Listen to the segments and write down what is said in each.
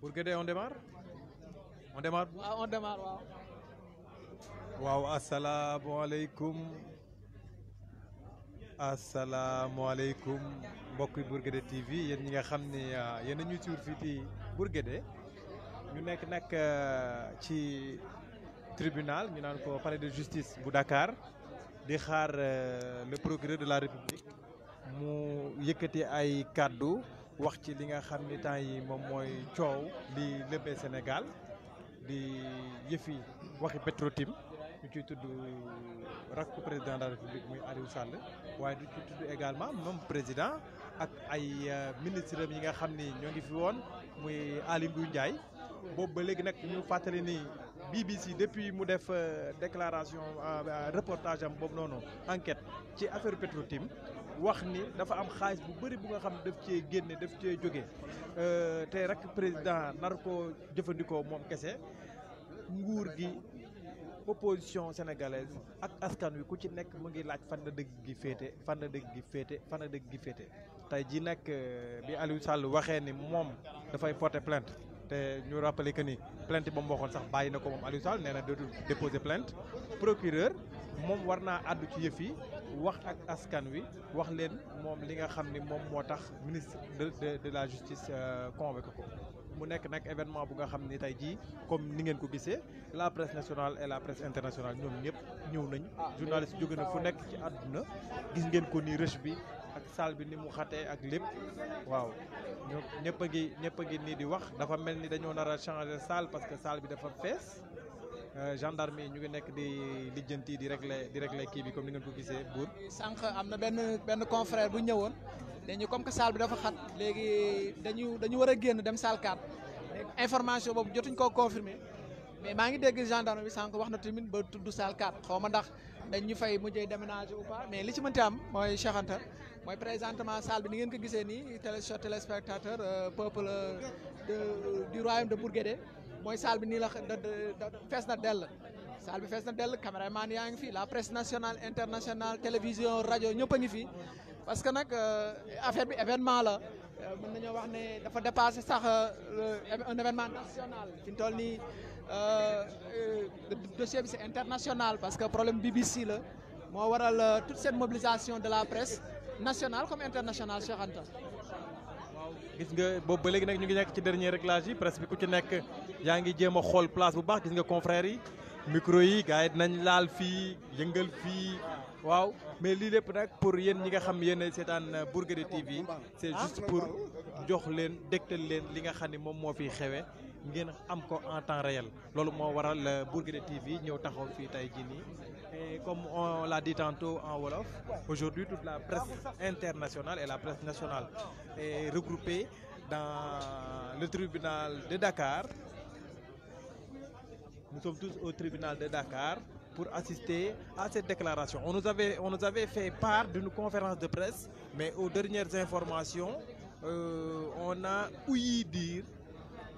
Pour on démarre On démarre On démarre, assalamu Assalamu Assalamu alaikum. mbokki Bourguédé TV Je ñi nga xam ni ah, yéen a ñu suur fii Nous sommes ñu le ah, tribunal nous naan ko de justice bu Dakar di ah, le procureur de la République mu dans ay cadre wax ci li nga xam ni yi Sénégal di yëfi waxi Petrotim, ñu ciy tudd président de la République muy Aliou Sall du ci également président ak ay euh, ministre yi nga xam ni fi woon muy Aly BBC depuis mu def euh, déclaration euh, reportage am enquête ci affaire petrotim wax ni dafa am xaalis bu bëri bu nga xam daf cee génne daf cee jóge euh, te rek président nar koo jëfandikoo moom kese nguur gi opposition sénégalaise ak askan wi ku ci nekk mu ngi laaj fan la dëgg gi féete fan la dëgg gi féete fan la dëgg gi féete tey ji nag euh, bi Aliou Sall waxee ni moom dafay porter plainte te ñu rappeler que ni plainte ba mu waxoon sax bàyyi na ko moom Aliou Sall nee na dootul déposer plainte procureur moom war naa àddu ci yëf yi wax ak askan wi wax leen moom li nga xam ni moom moo tax ministre de de la justice euh, convoqué ko mu nekk nag événement bu nga xam ni tey jii comme ni ngeen ko gisee la presse nationale et la presse internationale ñoom ñëpp ñëw nañ ah, journaliste jóge na fu nekk ci àdduna gis ngeen ko ni rush bi ak salle bi ni mu xatee ak lépp waaw ñëpp a ngi ñëpp a ngi nii di wax dafa mel ni dañoo nar a changer salle parce que salle bi dafa fees euh, gendarme yi ñu ngi nekk di lijjanti di régler di régler kii bi comme ni ngeen ko gisee buur. sànq am na benn benn confrère bu ñëwoon dañu comme que salle bi dafa xat léegi dañu dañu war a génn dem salle 4 information boobu jotuñ koo confirmer mais maa ngi dégg gendarme bi sànq wax na tamit ba tudd salle 4 xaw ma ndax dañu fay mujjee déménager ou pas mais li ci mënti am mooy Cheikh Anta mooy présentement salle bi ni ngeen ko gisee nii télé téléspectateur euh, peuple euh, de du royaume de Bourguédé moy salle bi ni la fees na salle bi fees na fi la presse nationale internationale télévision radio ñëpp fi parce que nak euh, affaire bi événement la euh, mën nañoo wax dafa sax euh, un événement national fi dossier bi international parce que le problème BBC la mo waral toute cette mobilisation de la presse nationale comme internationale Cheikh Anta gis nga boobu ba léegi nag ñu ngi nekk ci dernier réglage yi presque ku ci nekk yaa ngi jéem a xool place bu baax gis nga confrères yi micro yi gars yi dinañ laal fii yëngal fii waaw mais lii lépp nag pour yéen ñi nga xam yéen seetaan Bourgueil TV c'est juste pour jox leen dégtal leen li nga xam ne moom moo fiy xewe ngeen en temps réel euh, TV et comme on l'a dit tantôt en wolof aujourd'hui toute la presse internationale et la presse nationale est regroupée dans le tribunal de Dakar nous sommes tous au tribunal de Dakar pour assister à cette déclaration on nous avait on nous avait fait part d'une conférence de presse mais aux dernières informations euh, on a ouï dire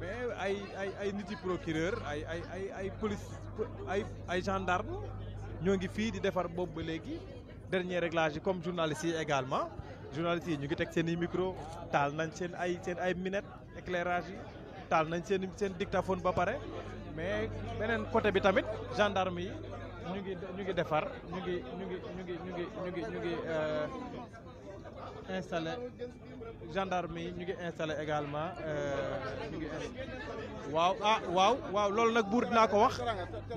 mais ay ay ay nit yi procureur ay ay ay ay police ay ay gendarme ñoo ngi fii di defar boobu ba léegi dernier réglage yi comme journalistes yi également journalistes yi ñu ngi teg seen yi micro taal nañ seen ay seen ay minette éclairage yi taal nañ seen seen dictaphone ba pare mais beneen côté bi tamit gendarme yi ñu ngi ñu ngi defar ñu ngi ñu ngi ñu ngi ñu ngi ñu ngi ñu ngi euh, installé gendarmerie ñu ngi installé également euh ngi waaw ah waaw waaw lool nak buur dina ko wax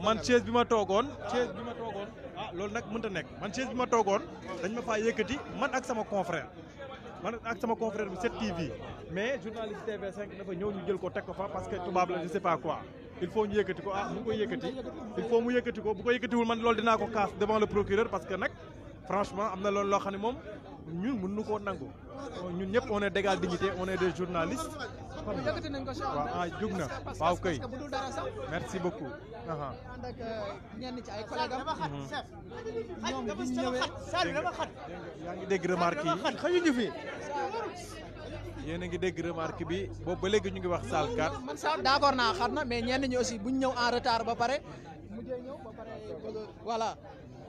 man chaise bima togon chaise bima togon ah lool nak nag ta nek man chaise bima togon dañ ma fa yëkëti man ak sama confrère man ak sama confrère bi 7TV mais journaliste TV5 dafa ñëw ñu jël ko tek ko fa parce que tubab la je sais pas quoi il faut ñu yëkëti ko ah mu ko yëkëti il faut mu yëkëti ko bu ko yëkëti yëkkatiwul man lool dina ko kaas devant le procureur parce que nak franchement amna lool lo xamni mom ñun mën nangu ñun ñëpp on est d'égal dignité on est des journalistes waaw ah jug na waaw kay merci beaucoup aha euh, ci ay collègues am mhm. ñoom bu ngi dégg remarque yi xajuñu fi yéen ngi dégg remarque bi boobu ba léegi ñu ngi wax salle 4 man sax d'accord naa xat na mais ñenn ñi aussi bu ñu ñëw en retard ba pare mujjee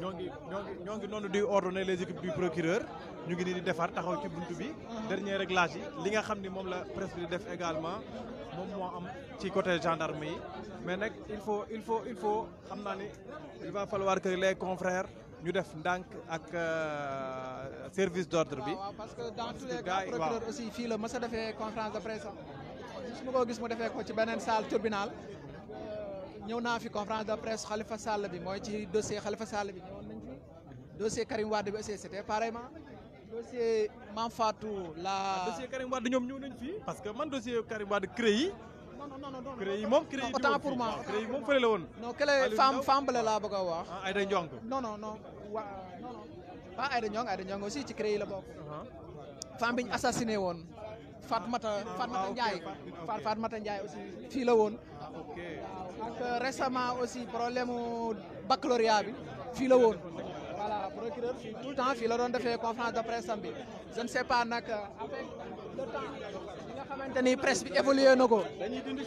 ñoo ngi ñoo noonu ordonner les équipes du procureur ñu ngi nii di defar taxaw ci buntu bi. dernier réglage yi li nga xam ni moom la presse di def également moom moo am ci côté gendarmerie. mais nag il faut il faut il faut xam ni il va falloir que les confrères. ñu def ndànk ak euh, service d'ordre bi. Ah, parce que dans tous les cas procureur aussi fii la mës a defee conférence de presse. su ma ko gis mu defee ko ci beneen salle tribunal ñëw naa fi conférence de presse Khalifa Sall bi dossier Khalifa dossier Karim Wade aussi c'était dossier Mame la. Ah, dossier Karim Wade parce que man dossier Karim Wade crée non non non pour moi non femme femme ah, Aïda non non non pas Aïda Aïda aussi ci la uh-huh. femme bi assassiné Fatmata ah, Ndiaye Fatmata Ndiaye aussi la ok ak euh, récemment aussi problème mu bi fii la woon. voilà procureur fii tout le temps fii la doon defee conférence de presse am bi je ne sais pas nag euh, le temps bi nga xamante ni presse bi évolué na ko. dañuy dindi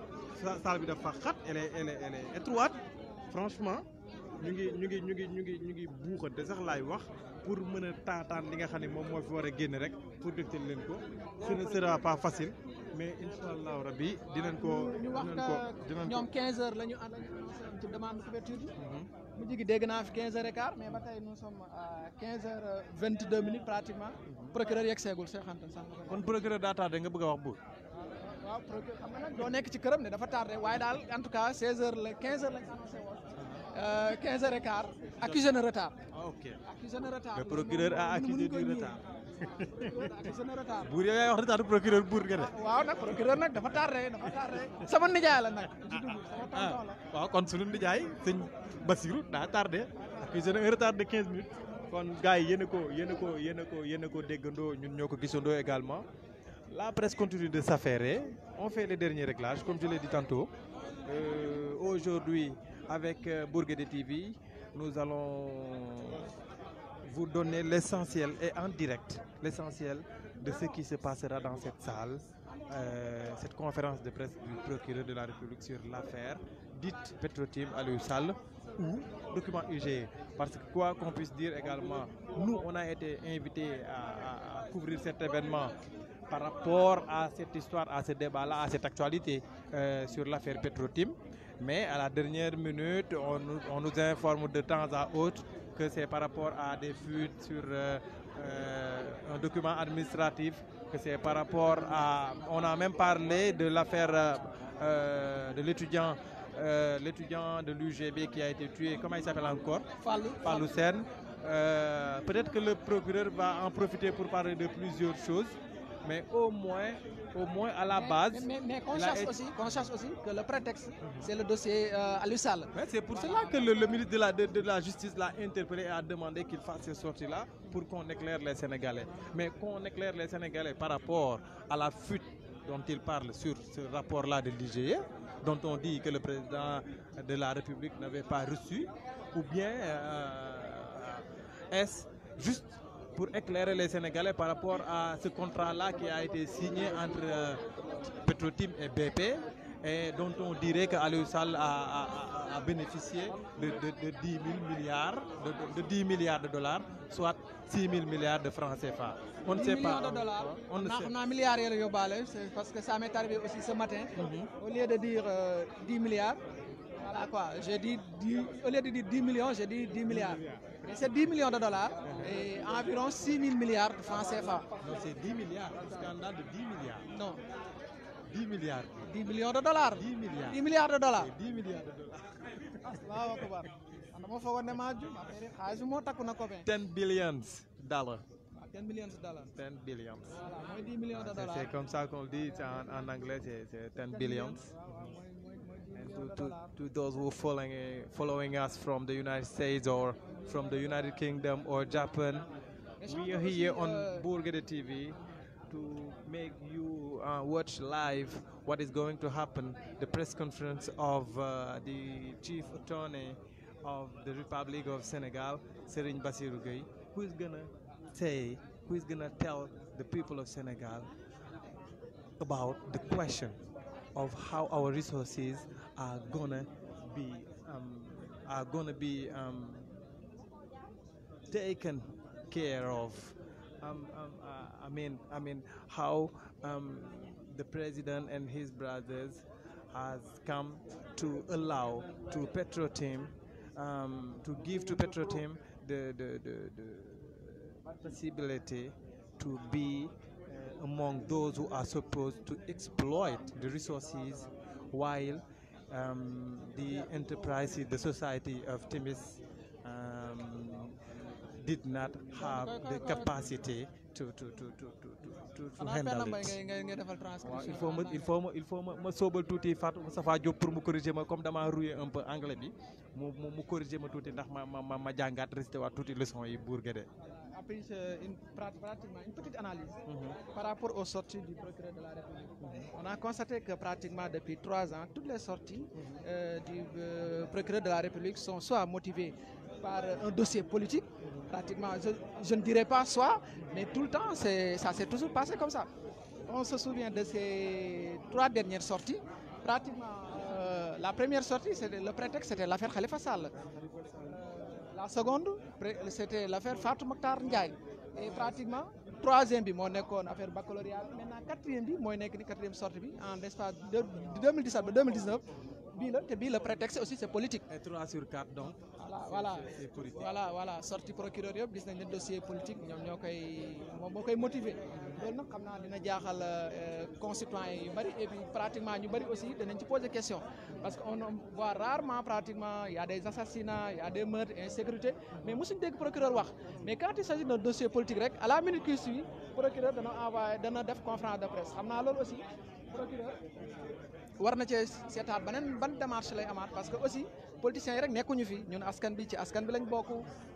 salle bi dafa xat elle est elle est elle est étroite franchement ñu ngi ñu ngi ñu ngi ñu ngi ñu ngi buuxante sax lay wax pour mëna tantane li nga xam mom mo fi wara a génn rek pour deftal leen ko ce ne sera pas facile mais inshallah allahu rabi dinañ ko dinañ ko dinañ ko ñoom 15 h lañu ñu ànd ci demande couverture bi. mu mhm. jigi dégg naa fi 15 h et quart mais ba tey nous sommes à 15 h 22 minutes pratiquement. Mhm. procureur yegg seegul see sax. kon procureur data tardé nga bëgg wax bu waaw procure xam nga nag doo nekk ci këram ne dafa tardé waaye daal en tout cas 16 heures la 15 heures lañ annoncé woon 15 heures et quart. accusé na retard. ok accusé na retard. le procureur a accusé du retard. accusé na retard. buur yow yaay wax retard procureur buur nga de. waaw nag procureur nag dafa tardé dafa tardé. sama nijaay la nag. ah waaw kon sunu nijaay sëñ Basirou daa tardé. accusé na un retard de 15 minutes. kon gars yi yéen a ko yéen a ko yéen a ko yéen a ko déggandoo ñun ñoo ko gisandoo également. La presse continue de s'affairer. On fait les derniers réglages, comme je l'ai dit tantôt. Euh, aujourd'hui, avec euh, Bourguet de TV, nous allons vous donner l'essentiel et en direct, l'essentiel de ce qui se passera dans cette salle, euh, cette conférence de presse du procureur de la République sur l'affaire dite Petrotim à Salle ou document UG. Parce que quoi qu'on puisse dire également, nous on a été invités à couvrir cet événement par rapport à cette histoire, à ce débat-là, à cette actualité euh, sur l'affaire Petrotim. Mais à la dernière minute, on, nous informe de temps à autre que c'est par rapport à des fuites sur euh, euh, un document administratif, que c'est par rapport à... On a même parlé de l'affaire de l'étudiant l'étudiant de l'UGB qui a été tué, comment il s'appelle encore Falou. Peut-être que le procureur va en profiter pour parler de plusieurs choses mais au moins, au moins à la base. Mais, mais qu'on cherche aussi, que le prétexte, c'est le dossier à euh, l'USAL. C'est pour cela que le, ministre de la, Justice l'a interpellé et a demandé qu'il fasse ces sorties-là pour qu'on éclaire les Sénégalais. Mais qu'on éclaire les Sénégalais par rapport à la fuite dont il parle sur ce rapport-là de l'IGE, dont on dit que le président de la République n'avait pas reçu, ou bien euh, euh, est-ce juste pour éclairer les Sénégalais par rapport à ce contrat-là qui a été signé entre euh, Petrotim et BP et dont on dirait qu'Aliou Sall a, bénéficié de, 10 milliards de, 10 milliards de dollars, soit 6 000 milliards de francs CFA. On ne sait pas. De dollars. On, ne sait. parce que ça m'est arrivé aussi ce matin. Mhm. Au lieu de dire 10 euh, milliards, voilà quoi, dit au lieu de dire 10 millions, j'ai dit 10 milliards. C'est 10 millions de dollars et environ 6 000 milliards de francs CFA. Non, c'est 10 milliards, un scandale de 10 milliards. Non. 10 milliards. 10 millions de dollars. 10 milliards. 10 milliards de dollars. 10 milliards de dollars. 10 billions dollars. 10 millions de dollars. 10 billions. 10 de dollars. C'est comme ça qu'on dit en, en anglais, c'est 10 billions. to, to, to those who are following, following us from the United States or from the United Kingdom or Japan. We are here on Burgede TV to make you uh, watch live what is going to happen, the press conference of uh, the chief attorney of the Republic of Senegal, Serigne Bassirou Gueye, who is going to say, who is going to tell the people of Senegal about the question of how our resources are gonna be um, are gonna be um, taken care of. Um, um uh, I mean, I mean how um, the president and his brothers has come to allow to Petro team um, to give to Petro team the the, the, the possibility to be uh, among those who are supposed to exploit the resources while um, the enterprise, the society of Timis um, did not have the capacity to to to to to to handle it. il faut il faut il faut pour corriger comme un peu anglais bi corriger ma ma ma Euh, une, petite analyse mhm. par rapport aux sorties du procureur de la République. Mhm. On a constaté que pratiquement depuis trois ans, toutes les sorties euh, du euh, procureur de la République sont soit motivées par un dossier politique, pratiquement, je, ne dirais pas soit, mais tout le temps, ça s'est toujours passé comme ça. On se souvient de ces trois dernières sorties, pratiquement. la première sortie, le prétexte, c'était l'affaire Khalifa Sall la seconde c'était l'affaire Fatou Mokhtar Ndiaye et pratiquement troisième bi l'affaire baccalauréat Maintenant, maintenant quatrième bi la quatrième sortie en espace de 2017 2019 le prétexte aussi c'est politique. et 3 sur 4 donc. voilà voilà voilà voilà sortie procureur yëpp dossier politique nous avons motivé loolu nag xam naa dina euh, concitoyens yu et puis pratiquement ñu aussi danañ ci questions. parce qu'on voit rarement pratiquement il y a des assassinats y a des meurtres insécurité mais nous sommes des procureurs. mais quand il s'agit d'un dossier politique rek à la minute qui suit procureur dana envoyé dana def conférence de presse aussi procureur war na cee seetaat beneen ban démarche lay amaat parce que aussi politiciens yi rek nekkuñu fi ñun askan bi ci askan bi lañ bokk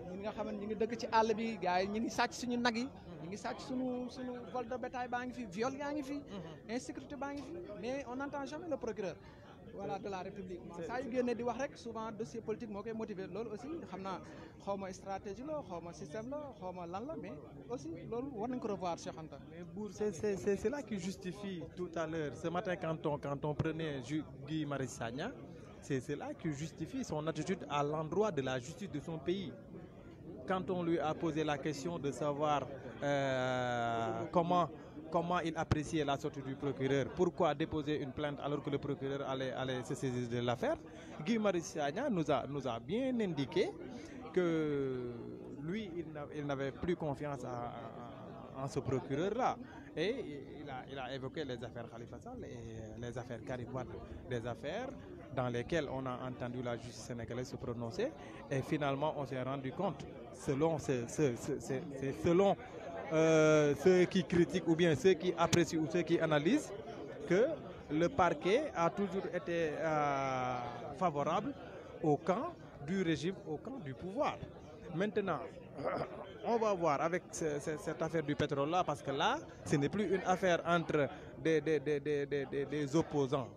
ñun nga xam ne ñu ngi dëkk ci àll bi gars yi ñu ngi sàcc suñu nag yi. ñu ngi sàcc suñu suñu vol de baa ngi fi viol yaa ngi fi. Mhm. sécurité baa ngi fi mais on n'entend jamais le procureur. voilà de la République Ça, yu génne di wax rek souvent dossier politique moo koy motiver aussi comme naa stratégie la xaw système la xaw mais aussi loolu war nañ ko revoir Cheikh mais c'est là qui justifie tout à l'heure ce matin quand on quand on prenait Guy Marissagna, c'est là qui justifie son attitude à l'endroit de la justice de son pays quand on lui a posé la question de savoir euh, comment comment il appréciait la sortie du procureur. Pourquoi déposer une plainte alors que le procureur allait, allait se saisir de l'affaire Guy Marissagna nous a, nous a bien indiqué que lui, il n'avait plus confiance en ce procureur-là. Et il a, il a, évoqué les affaires Khalifa et les affaires Karibouane, des affaires dans lesquelles on a entendu la justice sénégalaise se prononcer. Et finalement, on s'est rendu compte, selon, selon euh, ceux qui critiquent ou bien ceux qui apprécient ou ceux qui analysent que le parquet a toujours été euh, favorable au camp du régime, au camp du pouvoir. Maintenant, on va voir avec cette affaire du pétrole-là, parce que là, ce n'est plus une affaire entre des, des, opposants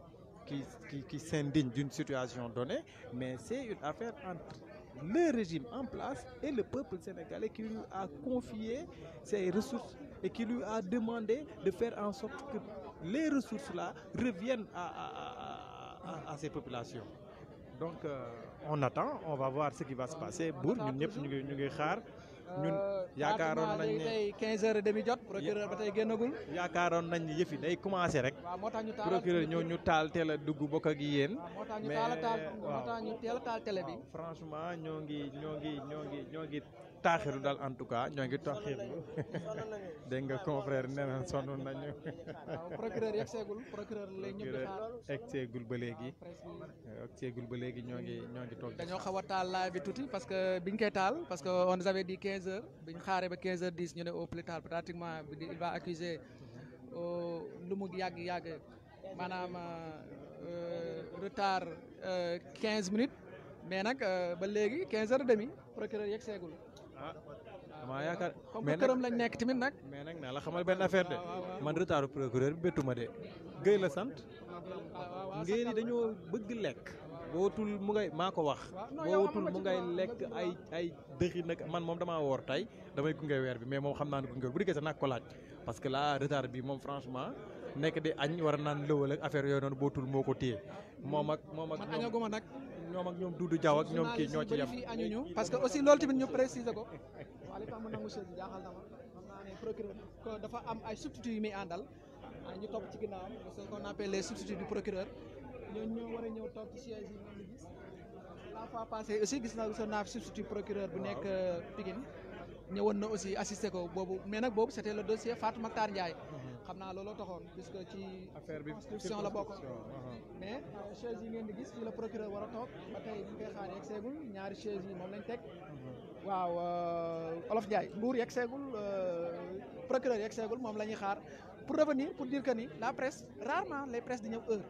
qui, qui, qui s'indignent d'une situation donnée, mais c'est une affaire entre le régime en place et le peuple sénégalais qui lui a confié ses ressources et qui lui a demandé de faire en sorte que les ressources-là reviennent à, ces populations. Donc, euh, on attend, on va voir ce qui va se passer. ñun euh, yaakaaroon nañ ne tey 15 heures et demi jot. procureur ba tey génnagul. yaakaaroon nañ ne yëf yi day commencé rek. moo tax ñu taal procureur ñoo ñu taal te la dugg bokk ak yéen. moo tax ñu taal a taal a taal télé bi. franchement ñoo ngi ñoo ngi ñoo ngi ñoo ngi taaxiru dal en tout cas ñoo ngi taaxiru dégg nga confrère nena sonu nañu. procureur yegg seegul procureur lay ñëpp di xaar egg seegul ba légui ah, egg seegul ba légui ñoo ngi ñoo ngi toog. dañoo xaw taal laay bi tuti parce que biñ koy taal parce que on avait dit 15 h biñ xaaree ba 15 h 10 ñu né au plus tard pratiquement il va accuser lu mu yag yag manam euh retard 15 euh, minutes mais nak euh, ba légui 15 h 30 procureur yegg seegul. Ah. damaa yaakaar mais nag këram lañ nekk tamit nag. mais nag naa la xamal benn affaire de man retardu procureur bi béttu ma de. Guèye la sant. ngeen dañoo bëgg lekk. bootul mu ngay maa ko wax. bootul mu ngay lekk ay ay man moom damaa woor tey damay gunge weer bi mais moom xam naa ne gunge bu dikkee sax naa ko laaj. parce que la retard bi moom franchement nekk di añ war a naan lëwal ak affaire yooyu noonu bootul moo ko téye moom ak moom ak. man añaguma ñoom ak ñoom dudu jaw ak ñoom ki ñoo ci yam parce que aussi lool tamit ñu préciser ko na procureur ko dafa am ay substitut yu muy andal ñu top ci ginnaawam qu'on appelle les substituts du procureur ñoo ñoo wara ñew top ci siège yi ñu gis la fois passée aussi gis na so na substitut procureur bu nek euh, Pikine ñewon na aussi assister ko bobu mais nak bobu c'était le dossier Fatou Maktar Ndiaye xam lolo looloo taxoon puisque ci affaire bi constitution la bokk uh-huh. mais euh, chaise yi ngeen di gis fii la procureur war a toog ba tey ñu koy xaar yegg seegul ñaari chaise yi moom lañ teg uh-huh. waaw euh, olof Ndiaye nguur yegg seegul euh, procureur yegg seegul moom la ñuy xaar pour revenir pour dire que ni la presse rarement les presses di ñëw heure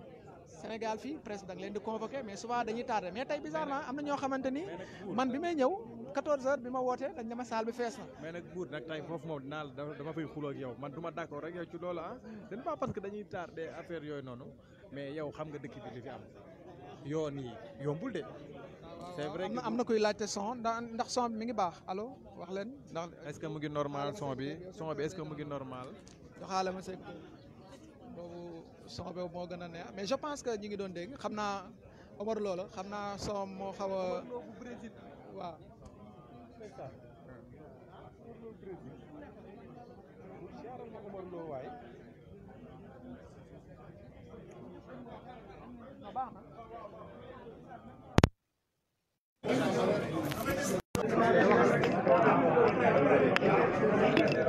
Sénégal fii presse da nga leen di convoqué mais souvent dañuy tardé mais tey bizarrement am na ñoo man bi may ñëw 14 heures Bima ma wootee dañ ne salle bi fees mais nag buur nag tey foofu moom dinaa dama fay xuloo ak yow man du ma rek yow ci loolu ah dañ pas parce que dañuy tardé affaire yooyu noonu mais yow xam nga dëkk bi li fi am yoon yi yombul vrai son ndax son bi mi ngi allo wax ndax. est ce que mu ngi normal son bi son bi est ce que mu ngi normal. joxaale ma sëñ boobu son boobu moo gën a mais je pense que ñi ngi doon dégg Omar Sarr.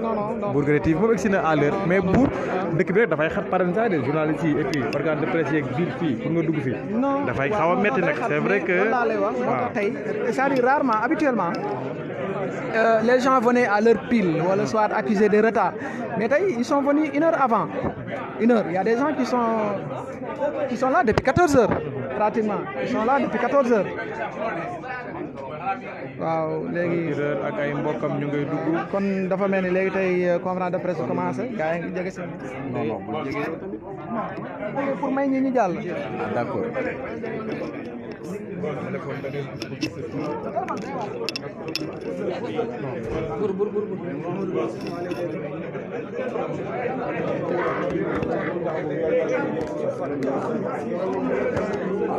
Non, non, moom egsi à l'heure mais Bourg dëkk bi rek dafay xat parents saa de journalistes yi et puis organe de presse yeeg biir fii pour nga dugg fi da fay xawa metti nak c'est vrai que waaw tey c'est-à-dire rarement habituellement. Euh, les gens venaient à l'heure pile, ou le soir accusés de retard. Mais ils sont venus une heure avant. Une heure. Il y a des gens qui sont, qui sont là depuis 14 heures, pratiquement. Ils sont là depuis 14 heures. waaw léegi ak ay mbokam ñu ngay dugg kon dafa mel ni léegi tey euh, conférence de presse commencé gaa yi ngi jege si non non pour may ñi ñu jàll ah, d'accord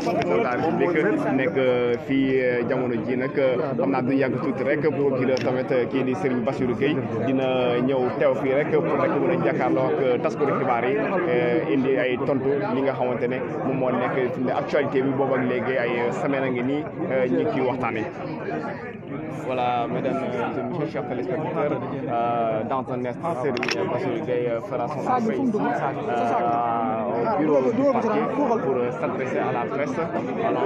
daal public euh, jamono ji nag euh, xam naa du yàgg tuuti rek euh, kii di Serigne Bassirou Gueye dina ñëw teew fii rek pour rek mën a jàkkaarloo ak taskatu xibaar yi indi ay tontu li nga xamante ne moom moo nekk actualité bi boobu ak léegi ay semaine a ngi nii ñu ciy waxtaanee. Voilà, mesdames et euh, messieurs, chers téléspectateurs, euh, dans un instant, Céline Bassoligay euh, fera son appel ici euh, au bureau du parquet pour euh, s'adresser à la presse. Alors,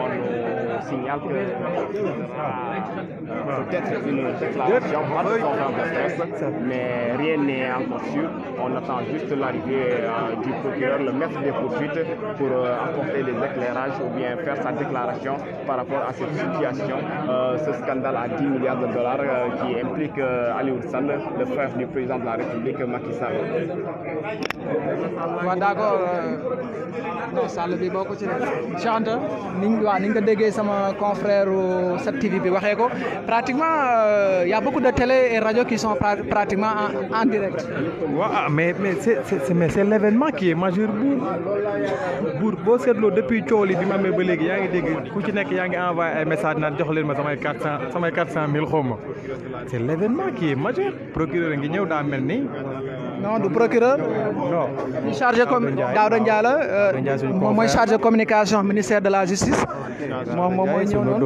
on signale que c'est peut-être une déclaration par conférence de presse, mais rien n'est encore sûr. On attend juste l'arrivée euh, du procureur, le maître des poursuites, pour euh, apporter des éclairages ou bien faire sa déclaration par rapport à cette situation, euh, ce scandale à 10 milliards de dollars qui implique Ali Oussal, le frère du président de la République, Macky Sall. d'accord ça tv pratiquement, il euh, y a beaucoup de télé et radio qui sont pratiquement en, direct. Ah, mais, mais c'est l'événement qui est majeur pour boo depuis tout le bi ma ba léegi yaa envoyé un message dans le leen ma samay c'est l'événement qui est majeur procureur qui ñëw daa la non du procureur. non ñu chargé comme Daouda Ndiaye euh, chargé communication ministère de la justice. Moi moi mooy ñëw noonu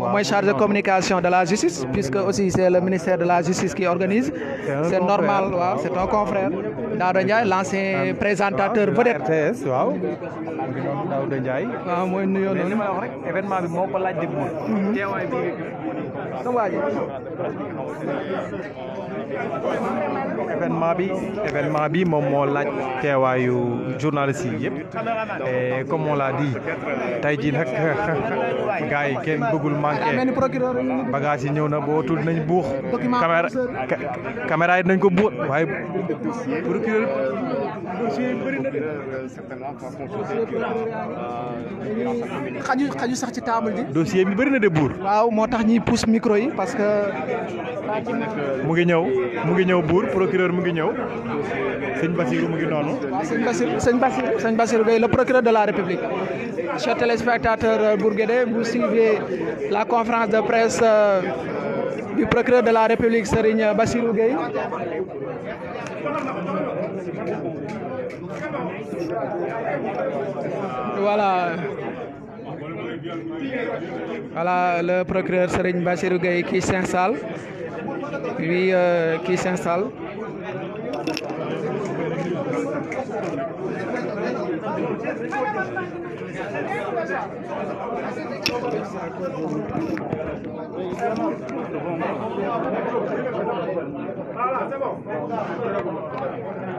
Moi mooy chargé communication de la justice. puisque aussi c'est le ministère de la justice qui organise. C'est normal c'est ton un confrère. Daouda Ndiaye l'ancien ah, présentateur vedette. être waaw. Daouda Ndiaye. waaw ma wax rek événement bi moo laaj déglu. Mhm. teewaay bi. événement bi événement bi moom moo laaj teewaayu journaliste yi yëpp comme on l'a dit tey jii nag gars yi kenn bëggul manqué bagage yi ñëw na boo tudd nañ buux caméra caméra yi nañ ko buux waaye procureur dossier bi bëri na de bour waaw motax ñi pousse micro yi parce que. mu ngi ñew mu ngi ñew bour procureur mu ngi ñew seigne Bassirou mu ngi nonu seigne sëñ seigne sëñ seigne sëñ Bassirou le procureur de la République. chers téléspectateurs euh, bourguedé vous suivez la conférence de presse euh, du procureur de la République Serigne Bassirou gay Voilà. Voilà le procureur Serigne Bassirou Gueye qui s'installe. Lui euh, qui s'installe. Voilà, c'est bon.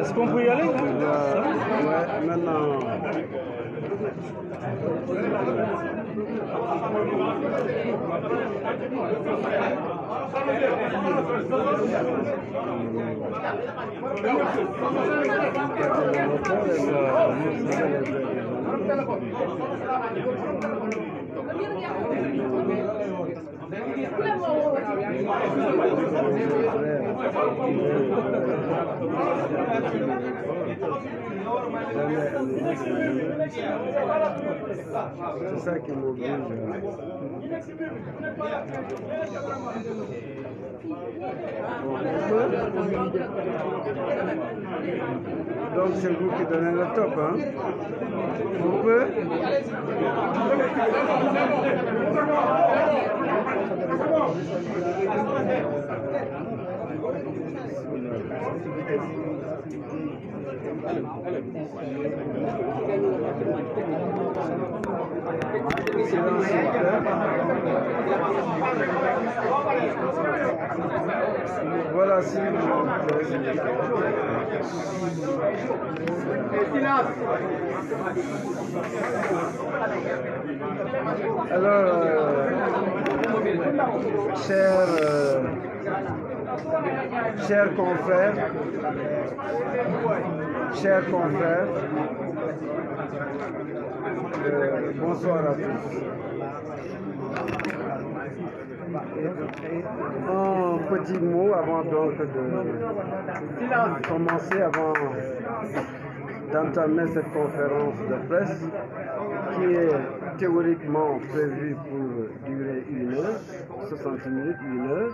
Est-ce qu'on peut y aller euh, Ouais, maintenant. C'est ça qui m'oblige. Donc c'est vous qui donnez le top, hein Vous pouvez voilà, Alors, euh, euh, chers, confrères, chers confrères, euh, bonsoir à tous. Un petit mot avant donc de commencer, avant d'entamer cette conférence de presse qui est théoriquement prévu pour durer une heure, 60 minutes, une heure.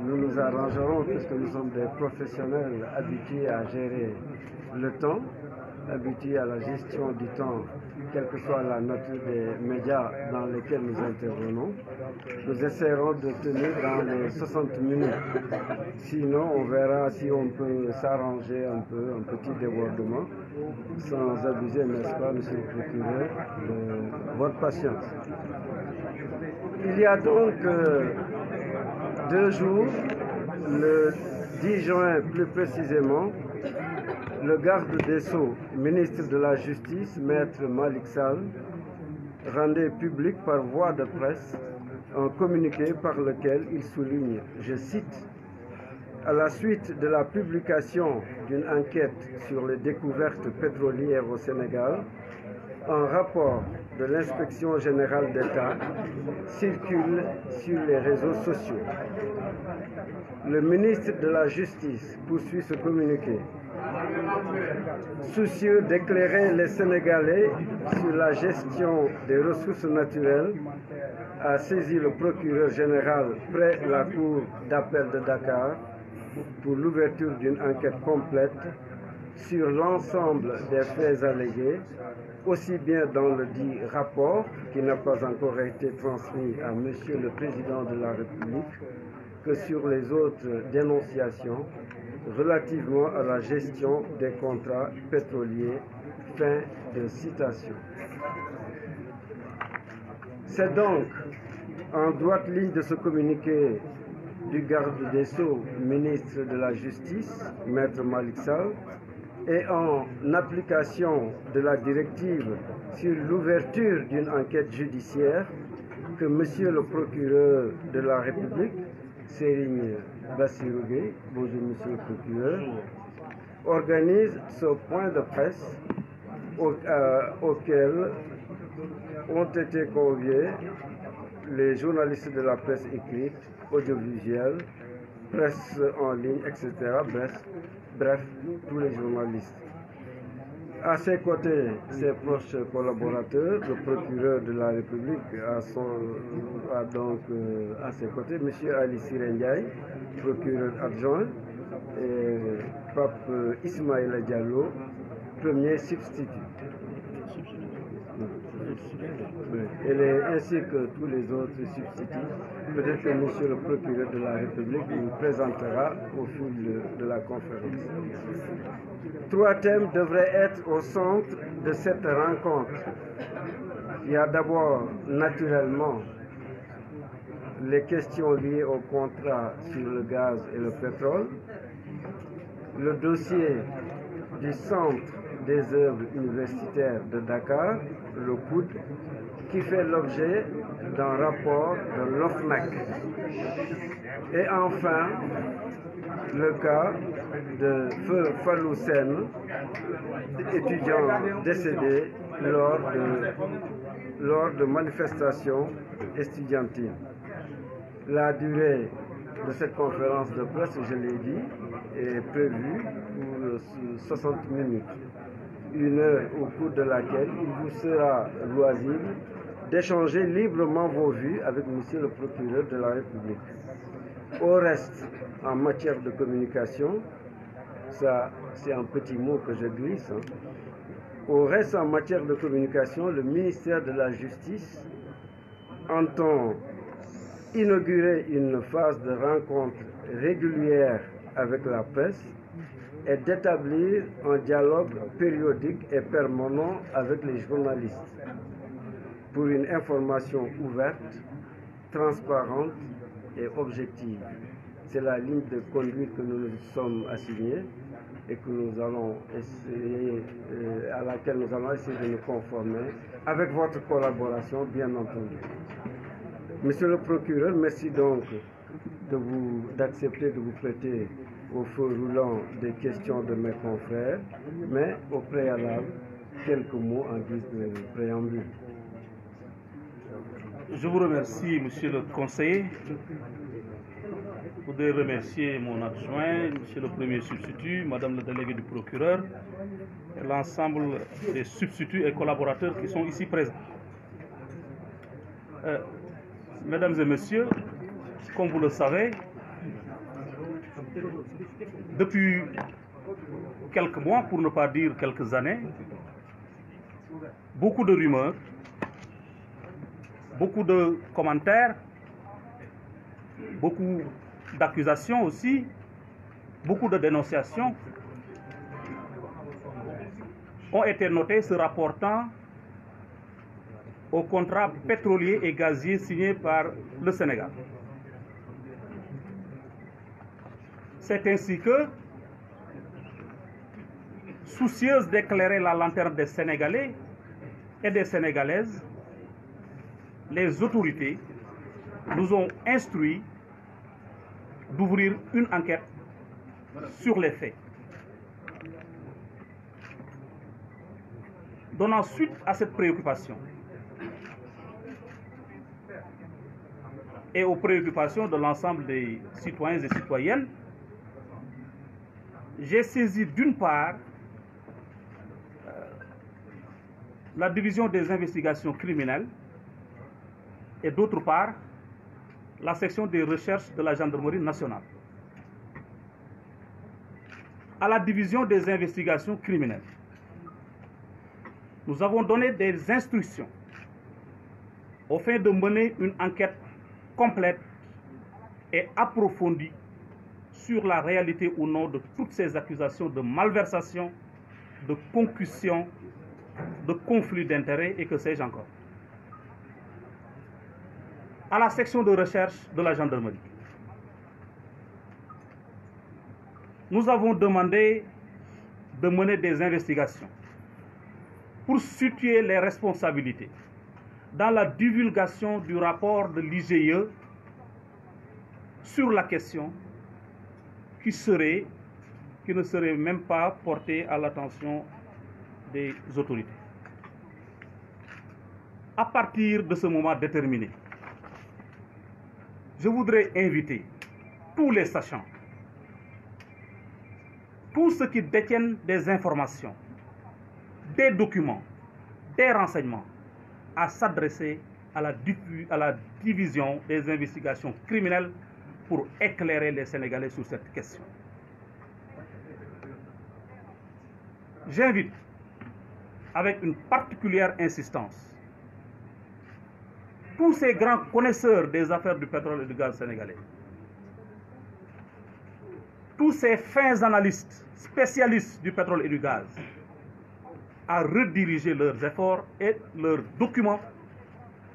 Nous nous arrangerons, puisque nous sommes des professionnels habitués à gérer le temps, habitués à la gestion du temps quelle que soit la nature des médias dans lesquels nous intervenons. Nous essaierons de tenir dans les 60 minutes. Sinon, on verra si on peut s'arranger un peu, un petit débordement, sans abuser, n'est-ce pas, monsieur le procureur, de votre patience. Il y a donc euh, deux jours, le 10 juin plus précisément, le garde des Sceaux, ministre de la Justice, maître Malik Sall, rendait public par voie de presse un communiqué par lequel il souligne, je cite, à la suite de la publication d'une enquête sur les découvertes pétrolières au Sénégal, un rapport de l'inspection générale d'État circule sur les réseaux sociaux. Le ministre de la Justice poursuit ce communiqué Soucieux d'éclairer les Sénégalais sur la gestion des ressources naturelles, a saisi le procureur général près la cour d'appel de Dakar pour l'ouverture d'une enquête complète sur l'ensemble des faits allégués, aussi bien dans le dit rapport qui n'a pas encore été transmis à Monsieur le Président de la République que sur les autres dénonciations relativement à la gestion des contrats pétroliers. Fin de citation. C'est donc en droite ligne de ce communiqué du garde des Sceaux, ministre de la Justice, Maître Malik et en application de la directive sur l'ouverture d'une enquête judiciaire que Monsieur le procureur de la République, Sérigne bonjour monsieur le procureur, organise ce point de presse euh, auquel ont été conviés les journalistes de la presse écrite, audiovisuelle, presse en ligne, etc. bref tous les journalistes à ses côtés, ses proches collaborateurs, le procureur de la République a son, donc euh, à ses côtés, M. Ali Sirengay, procureur adjoint, et Pape euh, Ismaël Diallo, premier substitut. Elle ainsi que tous les autres substituts. Peut-être que M. le procureur de la République nous présentera au fil de la conférence. Trois thèmes devraient être au centre de cette rencontre. Il y a d'abord, naturellement, les questions liées au contrat sur le gaz et le pétrole, le dossier du Centre des œuvres universitaires de Dakar, le coude qui fait l'objet d'un rapport de l'OFNAC. Et enfin, le cas de Feu étudiant décédé lors de, lors de manifestations estudiantines. La durée de cette conférence de presse, je l'ai dit, est prévue pour 60 minutes une heure au cours de laquelle il vous sera loisible d'échanger librement vos vues avec Monsieur le procureur de la République. Au reste, en matière de communication, ça c'est un petit mot que je glisse, hein. au reste en matière de communication, le ministère de la Justice entend inaugurer une phase de rencontre régulière avec la presse et d'établir un dialogue périodique et permanent avec les journalistes pour une information ouverte, transparente et objective. C'est la ligne de conduite que nous nous sommes assignés et que nous allons essayer, euh, à laquelle nous allons essayer de nous conformer avec votre collaboration, bien entendu. Monsieur le procureur, merci donc d'accepter de, de vous prêter au feu roulant des questions de mes confrères, mais au préalable, quelques mots en guise de préambule. Je vous remercie, monsieur le conseiller. Je voudrais remercier mon adjoint, monsieur le premier substitut, madame le délégué du procureur, et l'ensemble des substituts et collaborateurs qui sont ici présents. Euh, mesdames et messieurs, comme vous le savez, depuis quelques mois, pour ne pas dire quelques années, beaucoup de rumeurs, beaucoup de commentaires, beaucoup d'accusations aussi, beaucoup de dénonciations ont été notées se rapportant au contrat pétrolier et gazier signé par le Sénégal. C'est ainsi que, soucieuse d'éclairer la lanterne des Sénégalais et des Sénégalaises, les autorités nous ont instruit d'ouvrir une enquête sur les faits. Donnant suite à cette préoccupation et aux préoccupations de l'ensemble des citoyens et citoyennes, j'ai saisi d'une part euh, la division des investigations criminelles et d'autre part la section des recherches de la gendarmerie nationale. À la division des investigations criminelles, nous avons donné des instructions afin de mener une enquête complète et approfondie sur la réalité ou non de toutes ces accusations de malversation, de concussion, de conflit d'intérêts et que sais-je encore. À la section de recherche de la gendarmerie, nous avons demandé de mener des investigations pour situer les responsabilités dans la divulgation du rapport de l'IGE sur la question qui, qui ne serait même pas porté à l'attention des autorités. À partir de ce moment déterminé, je voudrais inviter tous les sachants, tous ceux qui détiennent des informations, des documents, des renseignements, à s'adresser à la, à la division des investigations criminelles pour éclairer les Sénégalais sur cette question. J'invite, avec une particulière insistance, tous ces grands connaisseurs des affaires du pétrole et du gaz sénégalais, tous ces fins analystes, spécialistes du pétrole et du gaz, à rediriger leurs efforts et leurs documents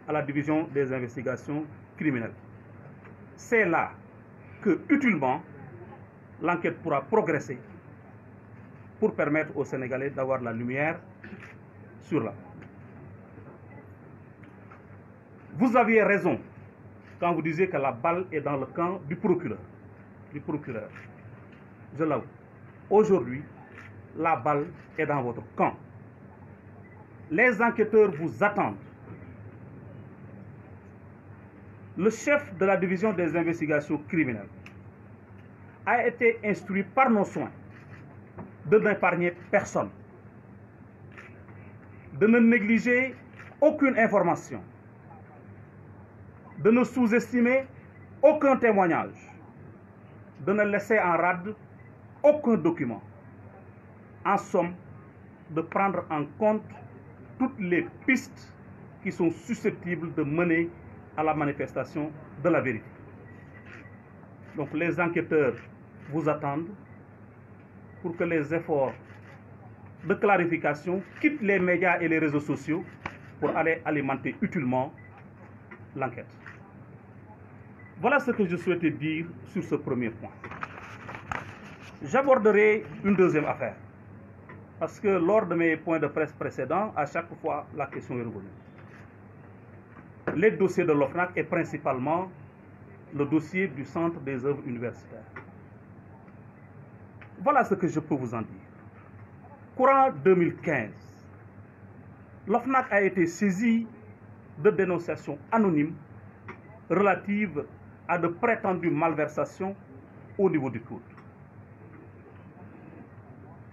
à la division des investigations criminelles. C'est là que utilement, l'enquête pourra progresser pour permettre aux Sénégalais d'avoir la lumière sur la. Vous aviez raison quand vous disiez que la balle est dans le camp du procureur. Du procureur. Je l'avoue. Aujourd'hui, la balle est dans votre camp. Les enquêteurs vous attendent le chef de la division des investigations criminelles a été instruit par nos soins de n'épargner personne, de ne négliger aucune information, de ne sous-estimer aucun témoignage, de ne laisser en rade aucun document. En somme, de prendre en compte toutes les pistes qui sont susceptibles de mener à la manifestation de la vérité. Donc les enquêteurs vous attendent pour que les efforts de clarification quittent les médias et les réseaux sociaux pour aller alimenter utilement l'enquête. Voilà ce que je souhaitais dire sur ce premier point. J'aborderai une deuxième affaire, parce que lors de mes points de presse précédents, à chaque fois, la question est revenue. Les dossiers de l'OFNAC est principalement le dossier du Centre des œuvres universitaires. Voilà ce que je peux vous en dire. Courant 2015, l'OFNAC a été saisi de dénonciations anonymes relatives à de prétendues malversations au niveau du cours.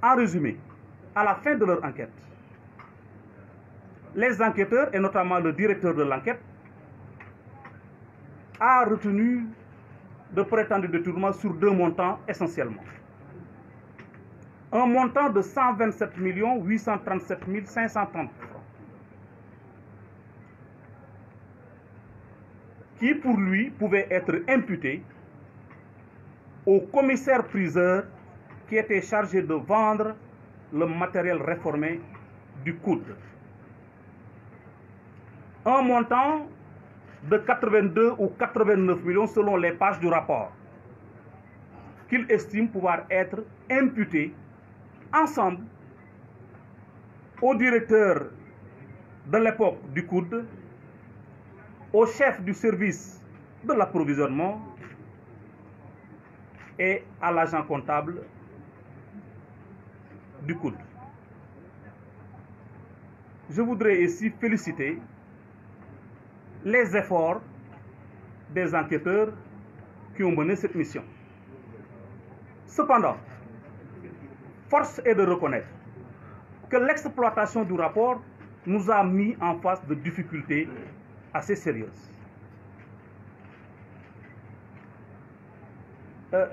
En résumé, à la fin de leur enquête, les enquêteurs, et notamment le directeur de l'enquête, a retenu de prétendus détournements sur deux montants essentiellement. Un montant de 127 837 530 francs, qui pour lui pouvait être imputé au commissaire-priseur qui était chargé de vendre le matériel réformé du coude un montant de 82 ou 89 millions selon les pages du rapport qu'il estime pouvoir être imputé ensemble au directeur de l'époque du coude, au chef du service de l'approvisionnement et à l'agent comptable du coude. Je voudrais ici féliciter les efforts des enquêteurs qui ont mené cette mission. Cependant, force est de reconnaître que l'exploitation du rapport nous a mis en face de difficultés assez sérieuses. Euh,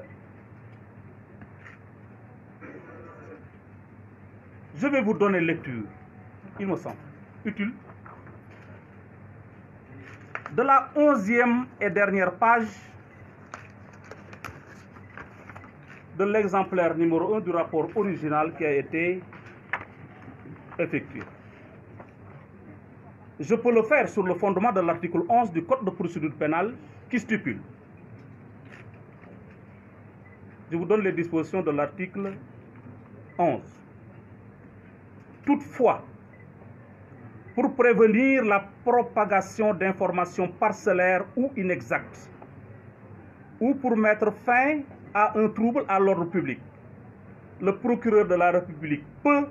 je vais vous donner lecture, il me semble, utile de la onzième et dernière page de l'exemplaire numéro 1 du rapport original qui a été effectué. Je peux le faire sur le fondement de l'article 11 du Code de procédure pénale qui stipule. Je vous donne les dispositions de l'article 11. Toutefois, pour prévenir la propagation d'informations parcellaires ou inexactes, ou pour mettre fin à un trouble à l'ordre public. Le procureur de la République peut,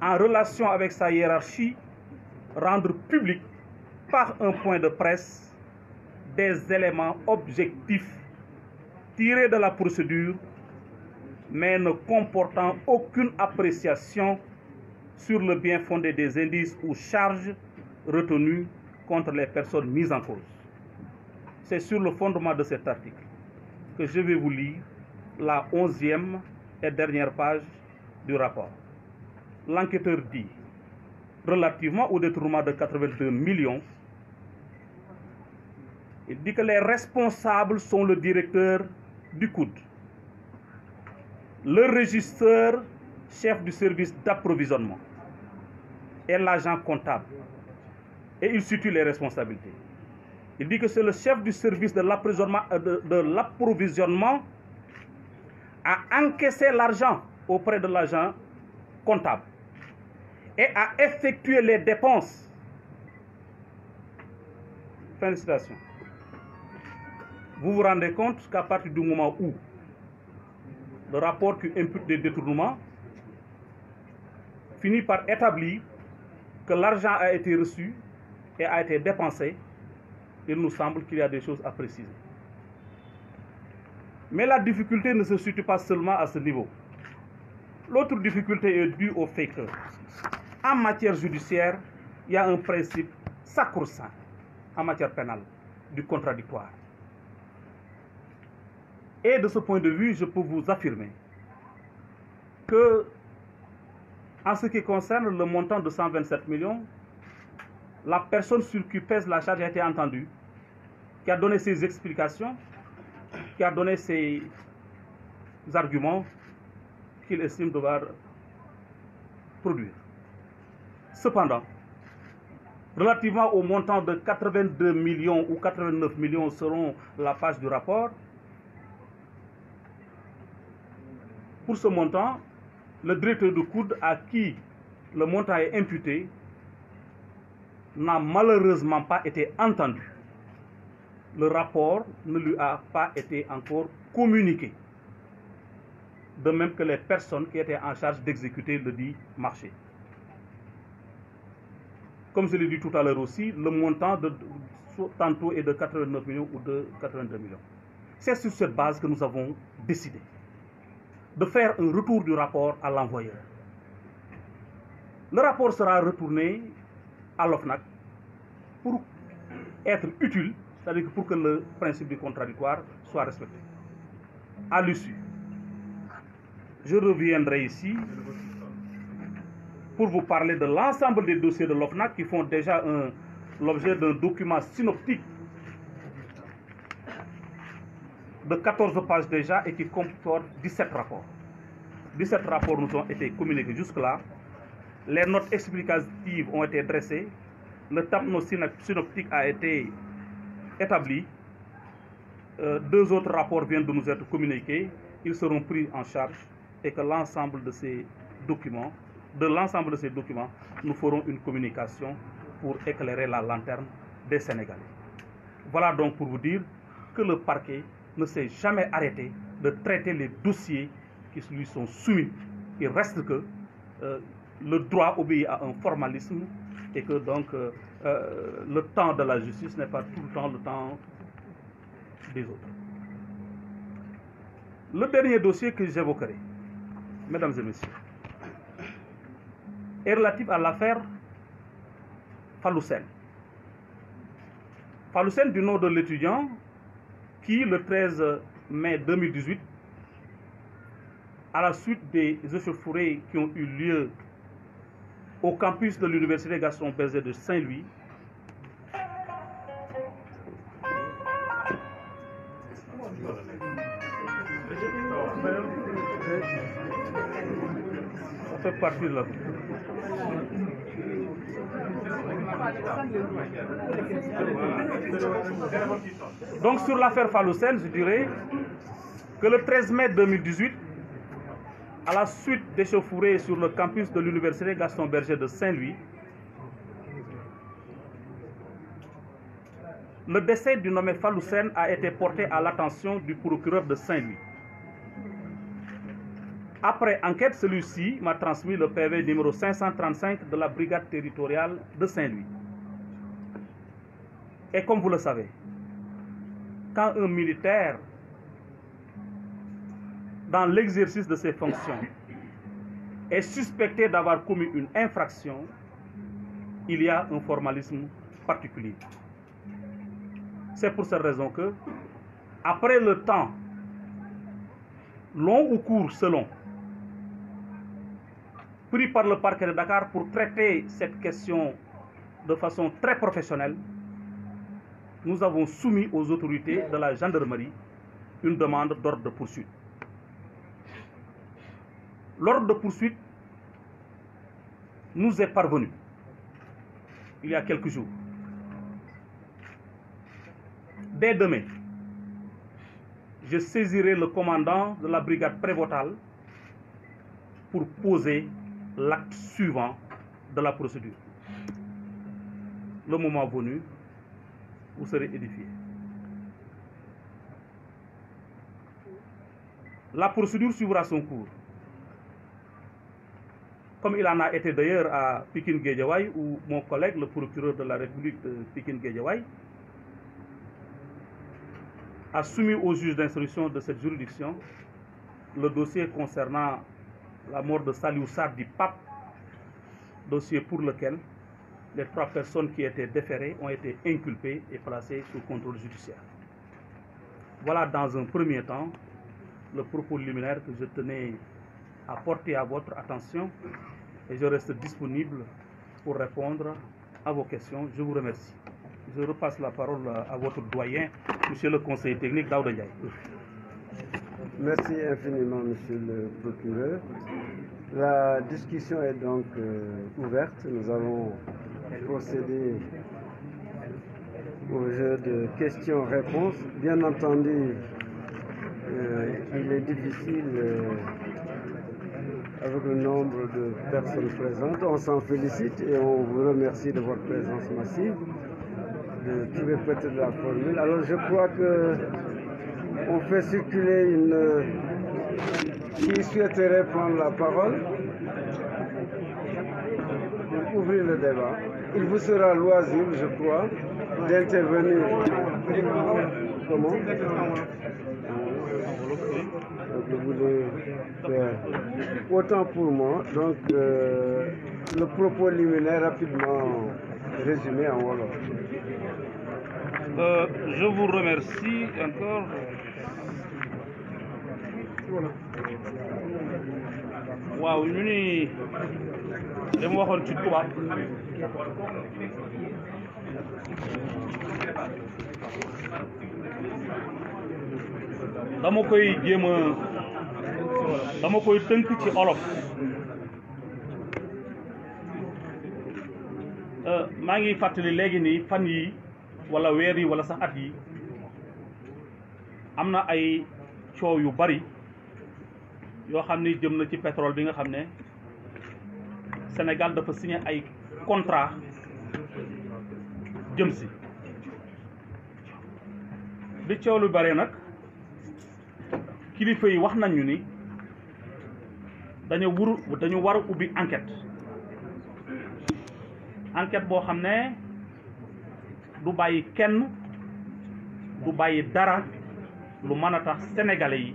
en relation avec sa hiérarchie, rendre public par un point de presse des éléments objectifs tirés de la procédure, mais ne comportant aucune appréciation sur le bien fondé des indices ou charges retenues contre les personnes mises en cause. C'est sur le fondement de cet article que je vais vous lire la onzième et dernière page du rapport. L'enquêteur dit, relativement au détournement de 82 millions, il dit que les responsables sont le directeur du coude, le régisseur, chef du service d'approvisionnement, est l'agent comptable et il situe les responsabilités. Il dit que c'est le chef du service euh, de l'approvisionnement à encaisser l'argent auprès de l'agent comptable et à effectuer les dépenses. Fin de citation. Vous vous rendez compte qu'à partir du moment où le rapport qui impute des détournements finit par établir que l'argent a été reçu et a été dépensé, il nous semble qu'il y a des choses à préciser. Mais la difficulté ne se situe pas seulement à ce niveau. L'autre difficulté est due au fait que, en matière judiciaire, il y a un principe sacro en matière pénale du contradictoire. Et de ce point de vue, je peux vous affirmer que en ce qui concerne le montant de 127 millions, la personne sur qui pèse la charge a été entendue, qui a donné ses explications, qui a donné ses arguments qu'il estime devoir produire. Cependant, relativement au montant de 82 millions ou 89 millions seront la page du rapport, pour ce montant, le directeur de coude à qui le montant est imputé n'a malheureusement pas été entendu. Le rapport ne lui a pas été encore communiqué. De même que les personnes qui étaient en charge d'exécuter le dit marché. Comme je l'ai dit tout à l'heure aussi, le montant de tantôt est de 89 millions ou de 82 millions. C'est sur cette base que nous avons décidé de faire un retour du rapport à l'envoyeur. Le rapport sera retourné à l'OFNAC pour être utile, c'est-à-dire pour que le principe du contradictoire soit respecté. À l'issue, je reviendrai ici pour vous parler de l'ensemble des dossiers de l'OFNAC qui font déjà l'objet d'un document synoptique de 14 pages déjà et qui comporte 17 rapports. 17 rapports nous ont été communiqués jusque-là. Les notes explicatives ont été dressées. Le tableau synoptique a été établi. Euh, deux autres rapports viennent de nous être communiqués. Ils seront pris en charge et que l'ensemble de ces documents, de l'ensemble de ces documents, nous ferons une communication pour éclairer la lanterne des Sénégalais. Voilà donc pour vous dire que le parquet ne s'est jamais arrêté de traiter les dossiers qui lui sont soumis. Il reste que euh, le droit obéit à un formalisme et que donc euh, euh, le temps de la justice n'est pas tout le temps le temps des autres. Le dernier dossier que j'évoquerai, mesdames et messieurs, est relatif à l'affaire Faloussen. Faloussen, du nom de l'étudiant qui, le 13 mai 2018, à la suite des échauffourées qui ont eu lieu au campus de l'Université Gaston berger de Saint-Louis, fait partie de la... Donc sur l'affaire Faloussen, je dirais que le 13 mai 2018, à la suite des chauffourées sur le campus de l'université Gaston Berger de Saint-Louis, le décès du nommé Faloussen a été porté à l'attention du procureur de Saint-Louis. Après enquête, celui-ci m'a transmis le PV numéro 535 de la brigade territoriale de Saint-Louis. Et comme vous le savez, quand un militaire, dans l'exercice de ses fonctions, est suspecté d'avoir commis une infraction, il y a un formalisme particulier. C'est pour cette raison que, après le temps long ou court selon pris par le parquet de Dakar pour traiter cette question de façon très professionnelle, nous avons soumis aux autorités de la gendarmerie une demande d'ordre de poursuite. L'ordre de poursuite nous est parvenu il y a quelques jours. Dès demain, je saisirai le commandant de la brigade prévotale pour poser l'acte suivant de la procédure. Le moment venu, vous serez édifié. La procédure suivra son cours. Comme il en a été d'ailleurs à Pikin Gejaway, où mon collègue, le procureur de la République de Pikin géjawai a soumis au juge d'instruction de cette juridiction le dossier concernant la mort de Saliou Sarr du pape, dossier pour lequel les trois personnes qui étaient déférées ont été inculpées et placées sous contrôle judiciaire. Voilà dans un premier temps le propos luminaire que je tenais à porter à votre attention et je reste disponible pour répondre à vos questions. Je vous remercie. Je repasse la parole à votre doyen, Monsieur le conseiller technique Ndiaye. Merci infiniment, Monsieur le procureur. La discussion est donc euh, ouverte. Nous avons procédé au jeu de questions-réponses. Bien entendu, euh, il est difficile, euh, avec le nombre de personnes présentes, on s'en félicite et on vous remercie de votre présence massive, de trouver peut-être la formule. Alors je crois que on fait circuler une... Euh, qui souhaiterait prendre la parole pour ouvrir le débat. Il vous sera loisir, je crois, d'intervenir. Comment faire autant pour moi. Donc, euh, le propos liminaire rapidement résumé en wallon. Euh, je vous remercie encore waaw ñu ni dama waxoon ci tubaab koy jéem a dama koy tënk ci olof euh, maa ngi fàttali léegi nii fan yi walla weer yi wala sax at yi am na ay coow yu bari yo xamni jëm na ci pétrole bi nga xamné Sénégal dafa signé ay contrat jëm ci bi coow lu bari nak kilifa yi wax nañu ni dañu wuru dañu war ubi enquête enquête bo xamné du bayyi kenn du bayyi dara lu mëna tax sénégalais yi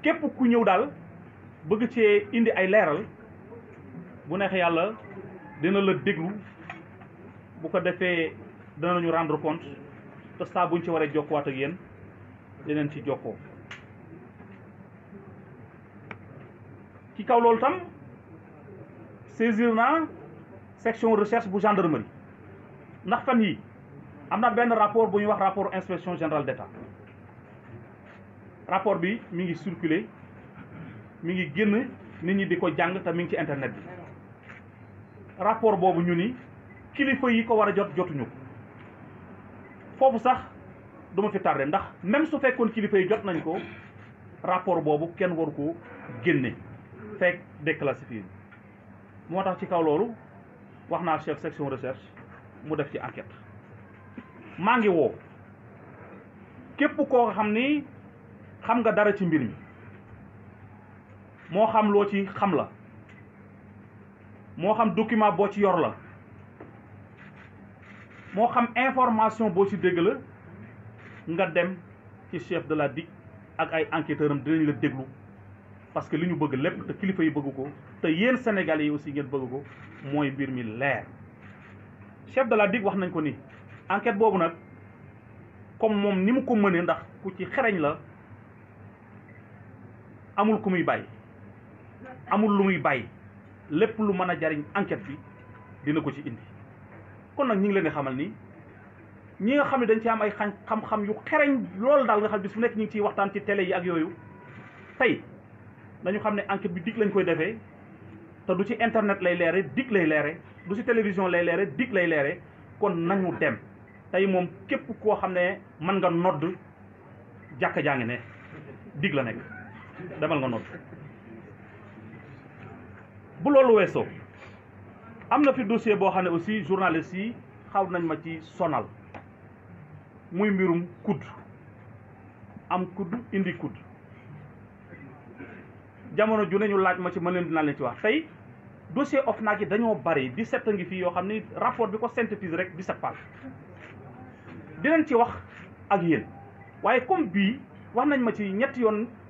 képp ku ñëw daal bëgg cee indi ay leeral bu neex yàlla dina la déglu bu ko defee danañu rendre compte te saa buñ ci waree jokkuwaat ak yéen dinañ ci jokkoo ci kaw loolu tam saisir naa section recherche bu gendarmerie ndax fan yi am na benn rapport bu ñuy wax rapport inspection générale d'État rapport bi mi ngi circuler mi ngi génn nit ñi di internet bi rapport boobu ñu ni ko a jot jotuñu foofu sax duma fi tardé ndax même su fekkoon yi jot nañ ko rapport boobu kenn war ko génne fekk déclassifié ci kaw chef section recherche mu def enquête ngi képp xam nga dara ci mbir mi moo xam loo ci xam la moo xam document boo ci yor la moo xam information boo ci dégg la nga dem ci chef de la dig ak ay enquêteurs am dinañ la déglu parce que li ñu bëgg lépp te kilifa yi bëgg ko te yéen sénégalais yi aussi ngeen bëgg ko mooy mbir mi leer chef de la dig wax nañ ko ni enquête boobu nag comme moom ni mu ko mënee ndax ku ci xereñ la amul kumuy bay, amul lu muy bàyyi lépp lu mën a jariñ enquête bi dina ko ci indi kon nak ñu ngi leen di xamal ni ñi nga xam dañ ci am ay xam-xam yu xereñ lool dal nga xam bis fu nekk ñu ci waxtaan ci télé yi ak yoyu tay nañu xamne enquête bi dig lañ koy défé te du ci internet lay léré dig lay léré du ci télévision lay léré dig lay léré kon nañu dem tay mom képp koo xam ne mën nga nodd jàkka jaa ngi ne dig la nekk demal nga nodd bu lolou wesso amna fi dossier bo xamné aussi journaliste yi xaw nañ ma ci sonal muy mbirum kudd am kudd indi kudd jamono ju ne laaj ma ci man len dina leen ci wax tey dossier OFNAC yi dañoo bari 17 ngi fi yo xam ni rapport bi ko synthétise rek 17 pages dinañ ci wax ak yéen waye comme bi wax nañ ma ci ñetti yoon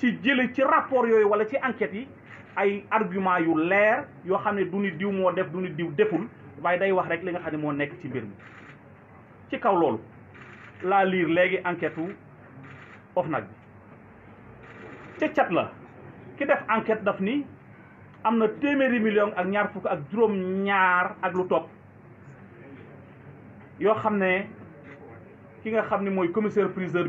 ci jële ci rapport yoy wala ci enquête yi ay argument yu lèr yo xamné du ni diw mo def du ni diw deful way day wax rek li nga xamné mo nek ci mbir mi ci kaw la que légui enquête wu OFNAC bi des millions la ki def enquête daf ni amna des ak ñaar fuk ak ñaar ak lu ki nga commissaire priseur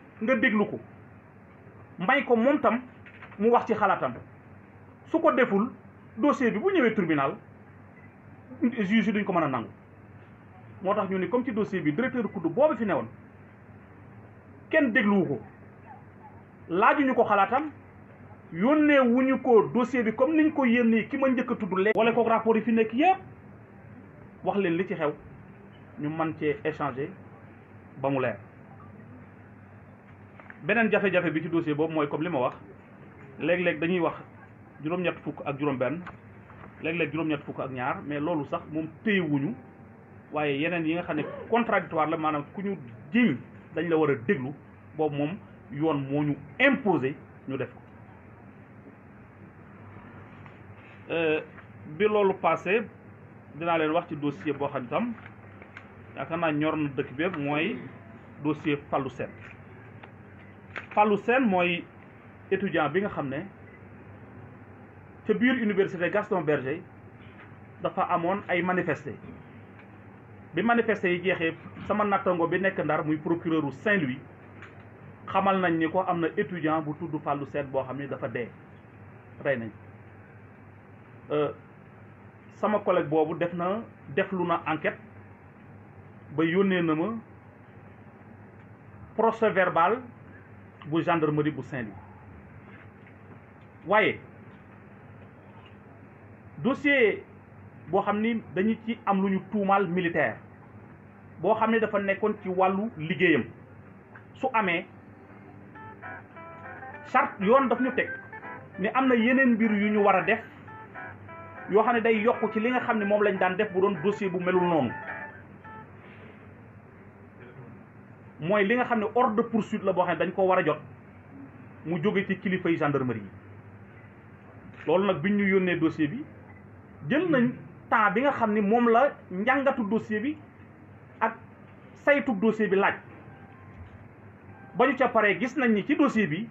nga déglu ko may ko moom mu wax ci xalaatam su deful dossier bi bu tribunal juge duñ ko mën a nangu ñu ni comme ci dossier bi directeur kudd boobu fi newoon kenn ko laajuñu ko xalaatam yónnee wuñu ko dossier bi comme niñ ko yénnee ki ma njëkk wala ko rapport yi fi nekk yëpp wax leen li ci xew ñu mën cee échanger ba benen jafé jafé bi ci dossier bobu moy comme lima wax léeg-léeg dañuy wax juróom ñet fukk ak juróom ben léeg-léeg juróom ñet fukk ak ñaar mais lolu sax mom téyewuñu waaye yenen yi nga xamné contradictoire la manam kuñu ñu dañ la wara déglu bobu mom yoon moñu imposer ñu def ko euh bi lolu passé dina leen wax ci dossier bo xam itam yaakaar naa ñor na dëkk bi mooy dossier Fallou Sène Fallou Sen moy étudiant bi nga xamné ne ca biir université Gaston Berger dafa amone ay manifesté bi manifesté yi jexé sama natango bi nek ndar muy procureur Saint-Louis xamal nañ ni ko amna étudiant bu tuddu Fallou Sen bo xamné dafa dé ray nañ euh, sama collègue bobu def na def lu na enquête ba yónnee na ma procès verbal bu gendarmerie bu Saint-Louis waaye dossier Bo xam ni dañu ci am luñu ñu militaire Bo xamni dafa nekkon ci walu liggéeyam su amé charte yoon daf ñu tek ne amna yeneen mbir yu ñu wara def yo xamni day yokku ci li nga xamni mom moom lañ daan def bu doon dossier bu melul noonu mooy li nga xam ordre de poursuite la boo xam dañ ko a jot mu jóge ci kilifa gendarmerie yi loolu nag ñu dossier bi jël nañ temps bi nga la dossier bi ak saytu dossier bi laaj gis nañ ni ci dossier bi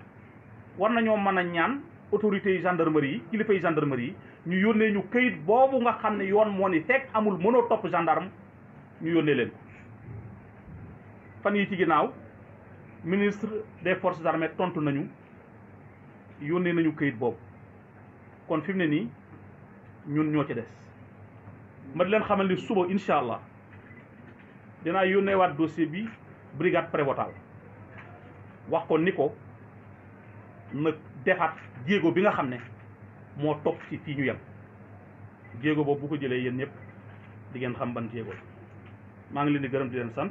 war gendarmerie gendarmerie ñu ñu nga amul gendarme fan yi ci ginnaaw ministre des forces armées tontu nañu yónnee nañu këyit boobu kon fi mu ne nii ñun ñoo ci des ma di leen xamal ni suba incha allah dinaa yónneewaat dossier bi brigade prévotale wax ko ni na defaat jéego bi nga xam ne moo topp ci fii ñu yem jéego boobu bu ko jëlee yéen ñëpp di ngeen xam ban jéego maa ngi leen di gërëm di leen sant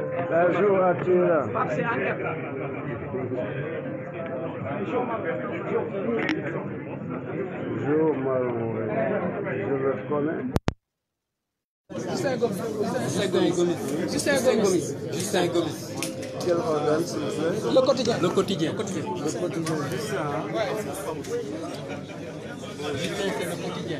Bonjour La Bonjour. Jour Bonjour. Je le connais. Justin Gomis. Justin Gomis. Justin Gomis. Quel organe s'il vous plaît Le quotidien. Le quotidien. Le quotidien. Le quotidien. Justin, c'est le quotidien.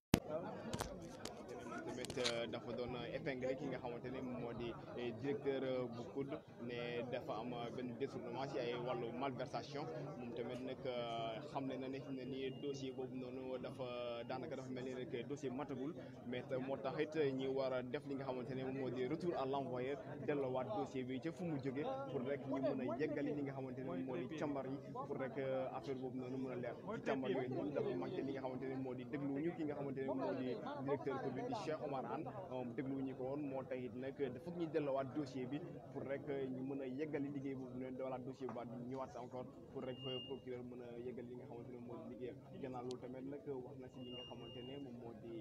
épinglé ki nga xamante ni moom ni directeur euh, bu COUD ne dafa am euh, benn détournement ci ay wàllu malversation moom tamit nag euh, xam ne na ne fi ne nii dossier boobu noonu dafa daanaka dafa mel ni rek dossier matagul mais moo tax it ñi war a def li nga xamante ne moom moo di retour à l'envoyeur delluwaat dossier bi ca fu mu jóge pour rek ñi mën a yeggali li nga xamante ne moo di càmbar yi pour rek affaire boobu noonu mën a leer ci càmbar yooyu noonu dafa manqué li nga xamante ne moo di dégluwuñu ki nga xamante ne moo di directeur COUD bi di Cheikh Omar Anne moom dégluwuñu ko woon moo tax it nag ñuy delluwaat dossier bi pour rek ñu mën a yeggali liggéey boobu ñu leen dawalaat dossier bi baat ñëwaat encore pour rek procureur mën a yeggali li nga xamante ne moo di liggéeyam gannaaw loolu tamit wax na si li nga xamante ne moom moo di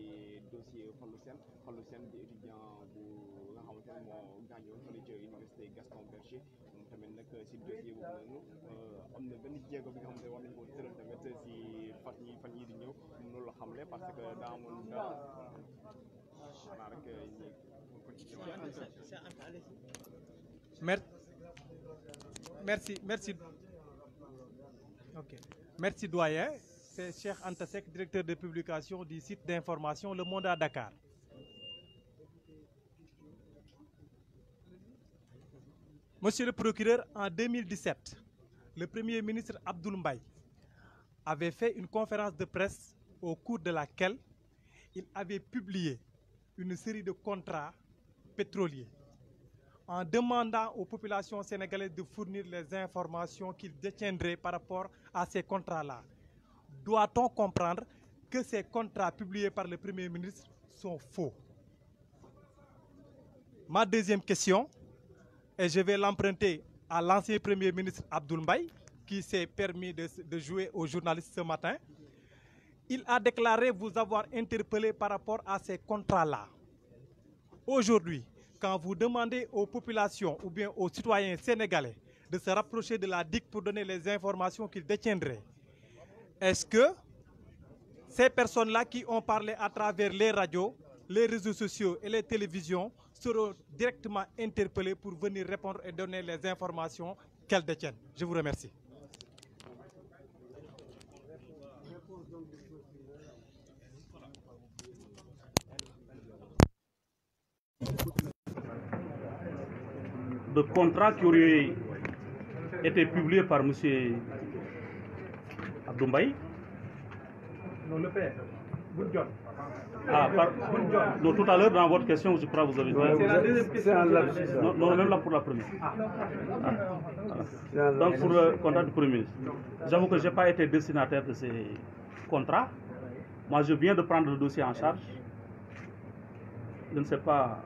dossier Fallou Sène Fallou Sène di étudiant bu nga xamante ne moo gaañoon fële ca université Gaston Berger tamit nag si dossier boobu noonu euh, am na benn jéego bi nga xamante ne war nañ koo tëral tamit si fan yi fan yi di ñëw noonu la parce que daa amoon daa rek Merci, merci. Merci, doyen. C'est Cheikh Antasek, directeur de publication du site d'information Le Monde à Dakar. Monsieur le procureur, en 2017, le Premier ministre Abdoul Mbaye avait fait une conférence de presse au cours de laquelle il avait publié une série de contrats pétrolier en demandant aux populations sénégalaises de fournir les informations qu'ils détiendraient par rapport à ces contrats-là. Doit-on comprendre que ces contrats publiés par le Premier ministre sont faux Ma deuxième question, et je vais l'emprunter à l'ancien Premier ministre Abdoul Mbaye, qui s'est permis de, de, jouer aux journalistes ce matin. Il a déclaré vous avoir interpellé par rapport à ces contrats-là. Aujourd'hui, quand vous demandez aux populations ou bien aux citoyens sénégalais de se rapprocher de la DIC pour donner les informations qu'ils détiendraient, est-ce que ces personnes-là qui ont parlé à travers les radios, les réseaux sociaux et les télévisions seront directement interpellées pour venir répondre et donner les informations qu'elles détiennent Je vous remercie. de contrats qui auraient été publiés par M. Abdoumbaye. Non, le père. Ah, par... Donc tout à l'heure, dans votre question, je crois que vous avez dit. C'est la deuxième question. Non, non, même là pour la première. Ah. Donc pour le contrat du Premier ministre. J'avoue que je n'ai pas été destinataire de ces contrats. Moi, je viens de prendre le dossier en charge. Je ne sais pas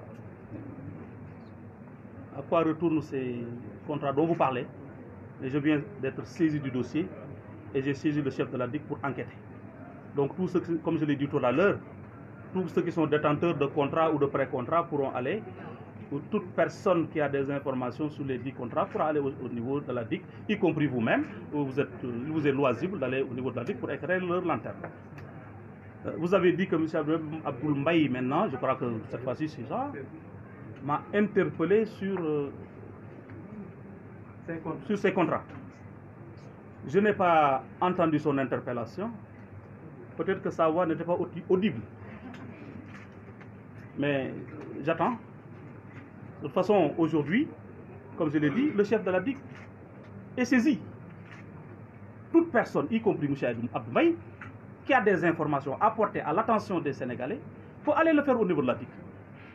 à quoi retournent ces contrats dont vous parlez. je viens d'être saisi du dossier et j'ai saisi le chef de la DIC pour enquêter. Donc, tout ce comme je l'ai dit tout à l'heure, tous ceux qui sont détenteurs de contrats ou de pré-contrats pourront aller, ou toute personne qui a des informations sur les dix contrats pourra aller au, niveau de la DIC, y compris vous-même, où vous êtes, loisible d'aller au niveau de la DIC pour éclairer leur lanterne. Euh, vous avez dit que M. Abdoul Mbaye, maintenant, je crois que cette fois-ci c'est ça, m'a interpellé sur, euh, sur ces contrats. Je n'ai pas entendu son interpellation. Peut-être que sa voix n'était pas audible. Mais j'attends. De toute façon, aujourd'hui, comme je l'ai dit, le chef de la DIC est saisi. Toute personne, y compris M. Abdoulaye, qui a des informations apportées à l'attention des Sénégalais, faut aller le faire au niveau de la DIC.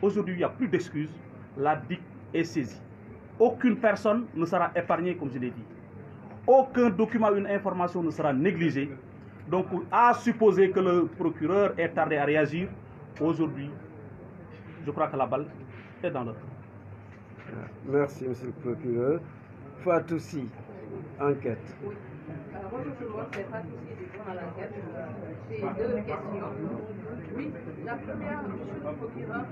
Aujourd'hui, il n'y a plus d'excuses. La DIC est saisie. Aucune personne ne sera épargnée, comme je l'ai dit. Aucun document, une information ne sera négligée. Donc, à supposer que le procureur est tardé à réagir, aujourd'hui, je crois que la balle est dans le euh, Merci, monsieur le procureur. Fatoussi, enquête. Alors, euh, moi, je c'est qui à J'ai euh, deux questions. Oui, la première, monsieur le procureur,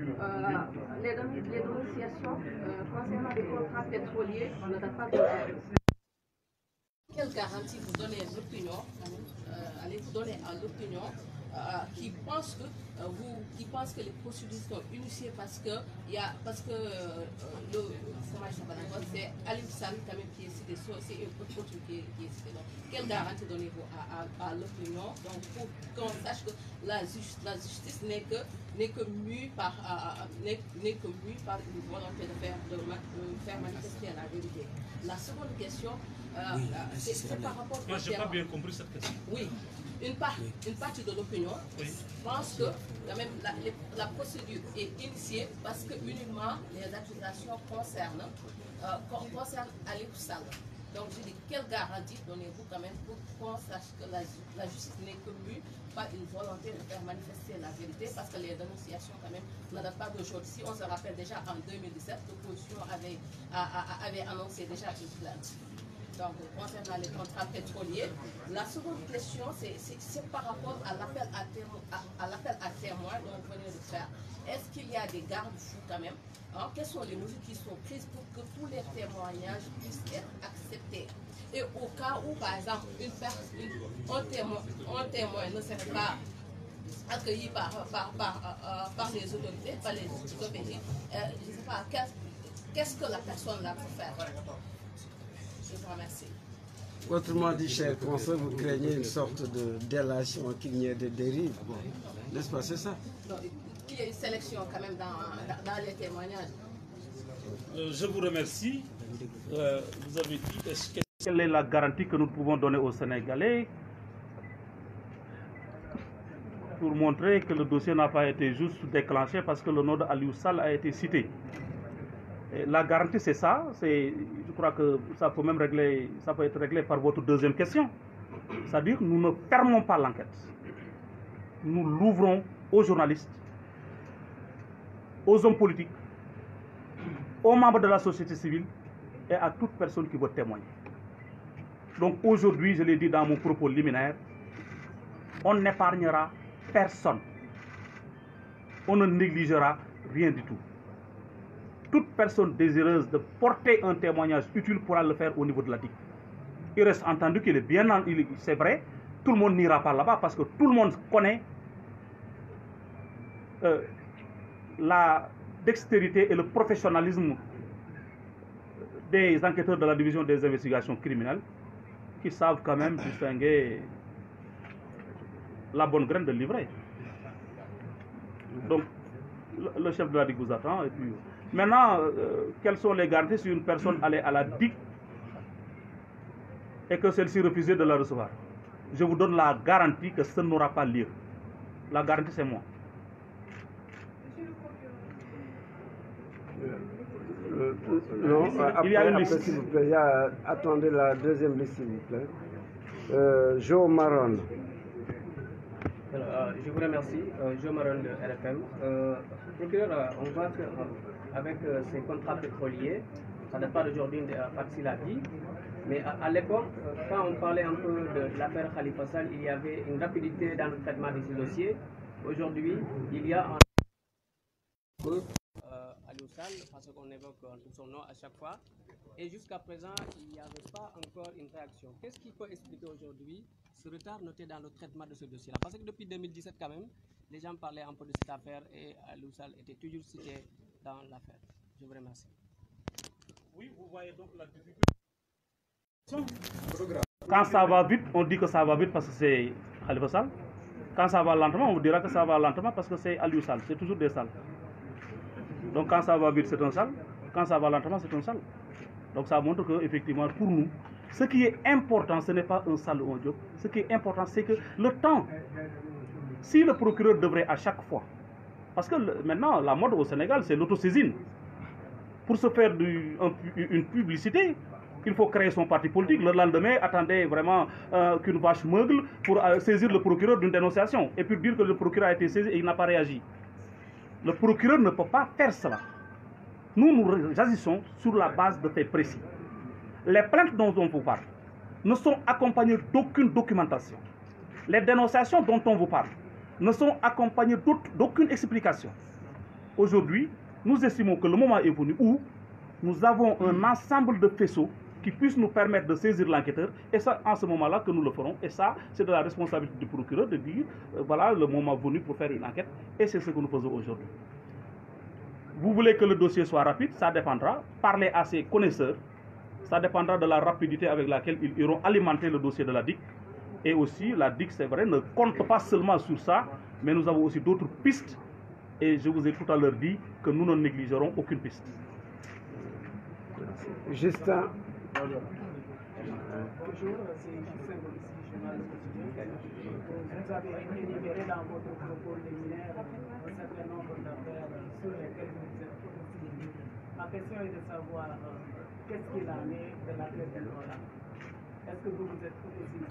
euh, les, les négociations euh, concernant les contrats pétroliers, on date pas de Quelle garantie vous donnez à l'opinion, euh, allez-vous donner à l'opinion euh, qui pensent que euh, vous, qui que les procédures sont unifiées parce que il y a, parce que euh, le c'est Alim San qui est cité, c'est une autre qui qui est cité. Donc, quelle garantie donnez-vous à, l'opinion donc pour qu'on sache que la, justice, n'est que n'est que mue par n'est que mue par une volonté de faire faire manifester la vérité. La seconde question, c'est par rapport. à... Moi, n'ai pas bien compris cette question. Oui une, partie de l'opinion pense que la, même, la, procédure est initiée parce que uniquement les accusations concernent, euh, concernent Donc je dis, quelle garantie donnez-vous quand même pour qu'on sache que la, la justice n'est que mue par une volonté de faire manifester la vérité parce que les dénonciations quand même ne datent pas d'aujourd'hui. Si on se rappelle déjà en 2017, l'opposition avait annoncé déjà une plainte donc concernant les contrats pétroliers. La seconde question, c'est par rapport à l'appel à, à, témoins dont vous de faire. Est-ce qu'il y a des garde-fous quand même hein? Quelles sont les mesures qui sont prises pour que tous les témoignages puissent être acceptés Et au cas où, par exemple, une personne, un, témoin, ne serait pas accueilli euh, par, les autorités, par les autorités, euh, je ne sais pas, qu'est-ce que la personne a peut faire remercie. Autrement dit, cher conseil, vous craignez une sorte de délation, qu'il n'y ait de dérive. Bon. N'est-ce pas, c'est ça Il y a une sélection quand même dans, les témoignages. Euh, je vous remercie. Euh, vous avez dit, Quelle est la garantie que nous pouvons donner aux Sénégalais pour montrer que le dossier n'a pas été juste déclenché parce que le nom d'Aliou Sall a été cité la garantie, c'est ça. Je crois que ça peut même régler, ça peut être réglé par votre deuxième question. C'est-à-dire nous ne fermons pas l'enquête. Nous l'ouvrons aux journalistes, aux hommes politiques, aux membres de la société civile et à toute personne qui veut témoigner. Donc aujourd'hui, je l'ai dit dans mon propos liminaire, on n'épargnera personne. On ne négligera rien du tout toute personne désireuse de porter un témoignage utile pourra le faire au niveau de la DIC. Il reste entendu qu'il est bien, c'est vrai, tout le monde n'ira pas là-bas parce que tout le monde connaît euh, la dextérité et le professionnalisme des enquêteurs de la division des investigations criminelles qui savent quand même distinguer la bonne graine de livret. Donc, le chef de la DIC vous attend et puis... Maintenant, euh, quelles sont les garanties si une personne allait à la DIC et que celle-ci refusait de la recevoir Je vous donne la garantie que ce n'aura pas lieu. La garantie, c'est moi. Euh, non, il y a une liste. S'il vous plaît, attendez la deuxième liste, s'il vous plaît. Euh, Joe Maron. Euh, je vous remercie. Euh, Joe Maron de RFM. procureur, on voit que avec euh, ces contrats pétroliers. Ça n'est pas d'aujourd'hui, de euh, l'a vie. Mais à, l'époque, euh, quand on parlait un peu de, l'affaire Khalifa Sall, il y avait une rapidité dans le traitement de ce dossier. Aujourd'hui, il y a un peu parce qu'on évoque son nom à chaque fois. Et jusqu'à présent, il n'y avait pas encore une réaction. Qu'est-ce qui peut expliquer aujourd'hui ce retard noté dans le traitement de ce dossier-là Parce que depuis 2017, quand même, les gens parlaient un peu de cette affaire et Aloussal était toujours cité dans l'affaire. Je vous remercie. Quand ça va vite, on dit que ça va vite parce que c'est Khalifa Quand ça va lentement, on dira que ça va lentement parce que c'est Aliou C'est toujours des salles. Donc quand ça va vite, c'est un sale. Quand ça va lentement, c'est un sale. Donc ça montre que effectivement pour nous, ce qui est important, ce n'est pas un sale ou un job. Ce qui est important, c'est que le temps, si le procureur devrait à chaque fois parce que maintenant, la mode au Sénégal, c'est l'autosaisine. Pour se faire une publicité, il faut créer son parti politique. Le lendemain, attendez vraiment euh, qu'une vache meugle pour euh, saisir le procureur d'une dénonciation et puis dire que le procureur a été saisi et il n'a pas réagi. Le procureur ne peut pas faire cela. Nous, nous agissons sur la base de faits précis. Les plaintes dont on vous parle ne sont accompagnées d'aucune documentation. Les dénonciations dont on vous parle ne sont accompagnés d'aucune explication. Aujourd'hui, nous estimons que le moment est venu où nous avons un hmm. ensemble de faisceaux qui puissent nous permettre de saisir l'enquêteur. Et c'est en ce moment-là que nous le ferons. Et ça, c'est de la responsabilité du procureur de dire, euh, voilà le moment venu pour faire une enquête. Et c'est ce que nous faisons aujourd'hui. Vous voulez que le dossier soit rapide, ça dépendra. Parlez à ses connaisseurs, ça dépendra de la rapidité avec laquelle ils iront alimenter le dossier de la DIC. Et aussi, la DIC, c'est vrai, ne compte pas seulement sur ça, mais nous avons aussi d'autres pistes. Et je vous ai tout à l'heure dit que nous ne négligerons aucune piste. Justin. Bonjour, c'est Justin Vous avez énuméré dans votre propos liminaire un certain nombre d'affaires sur lesquelles vous êtes Ma question est de savoir euh, qu'est-ce qu'il en est de l'affaire de Est-ce que vous vous êtes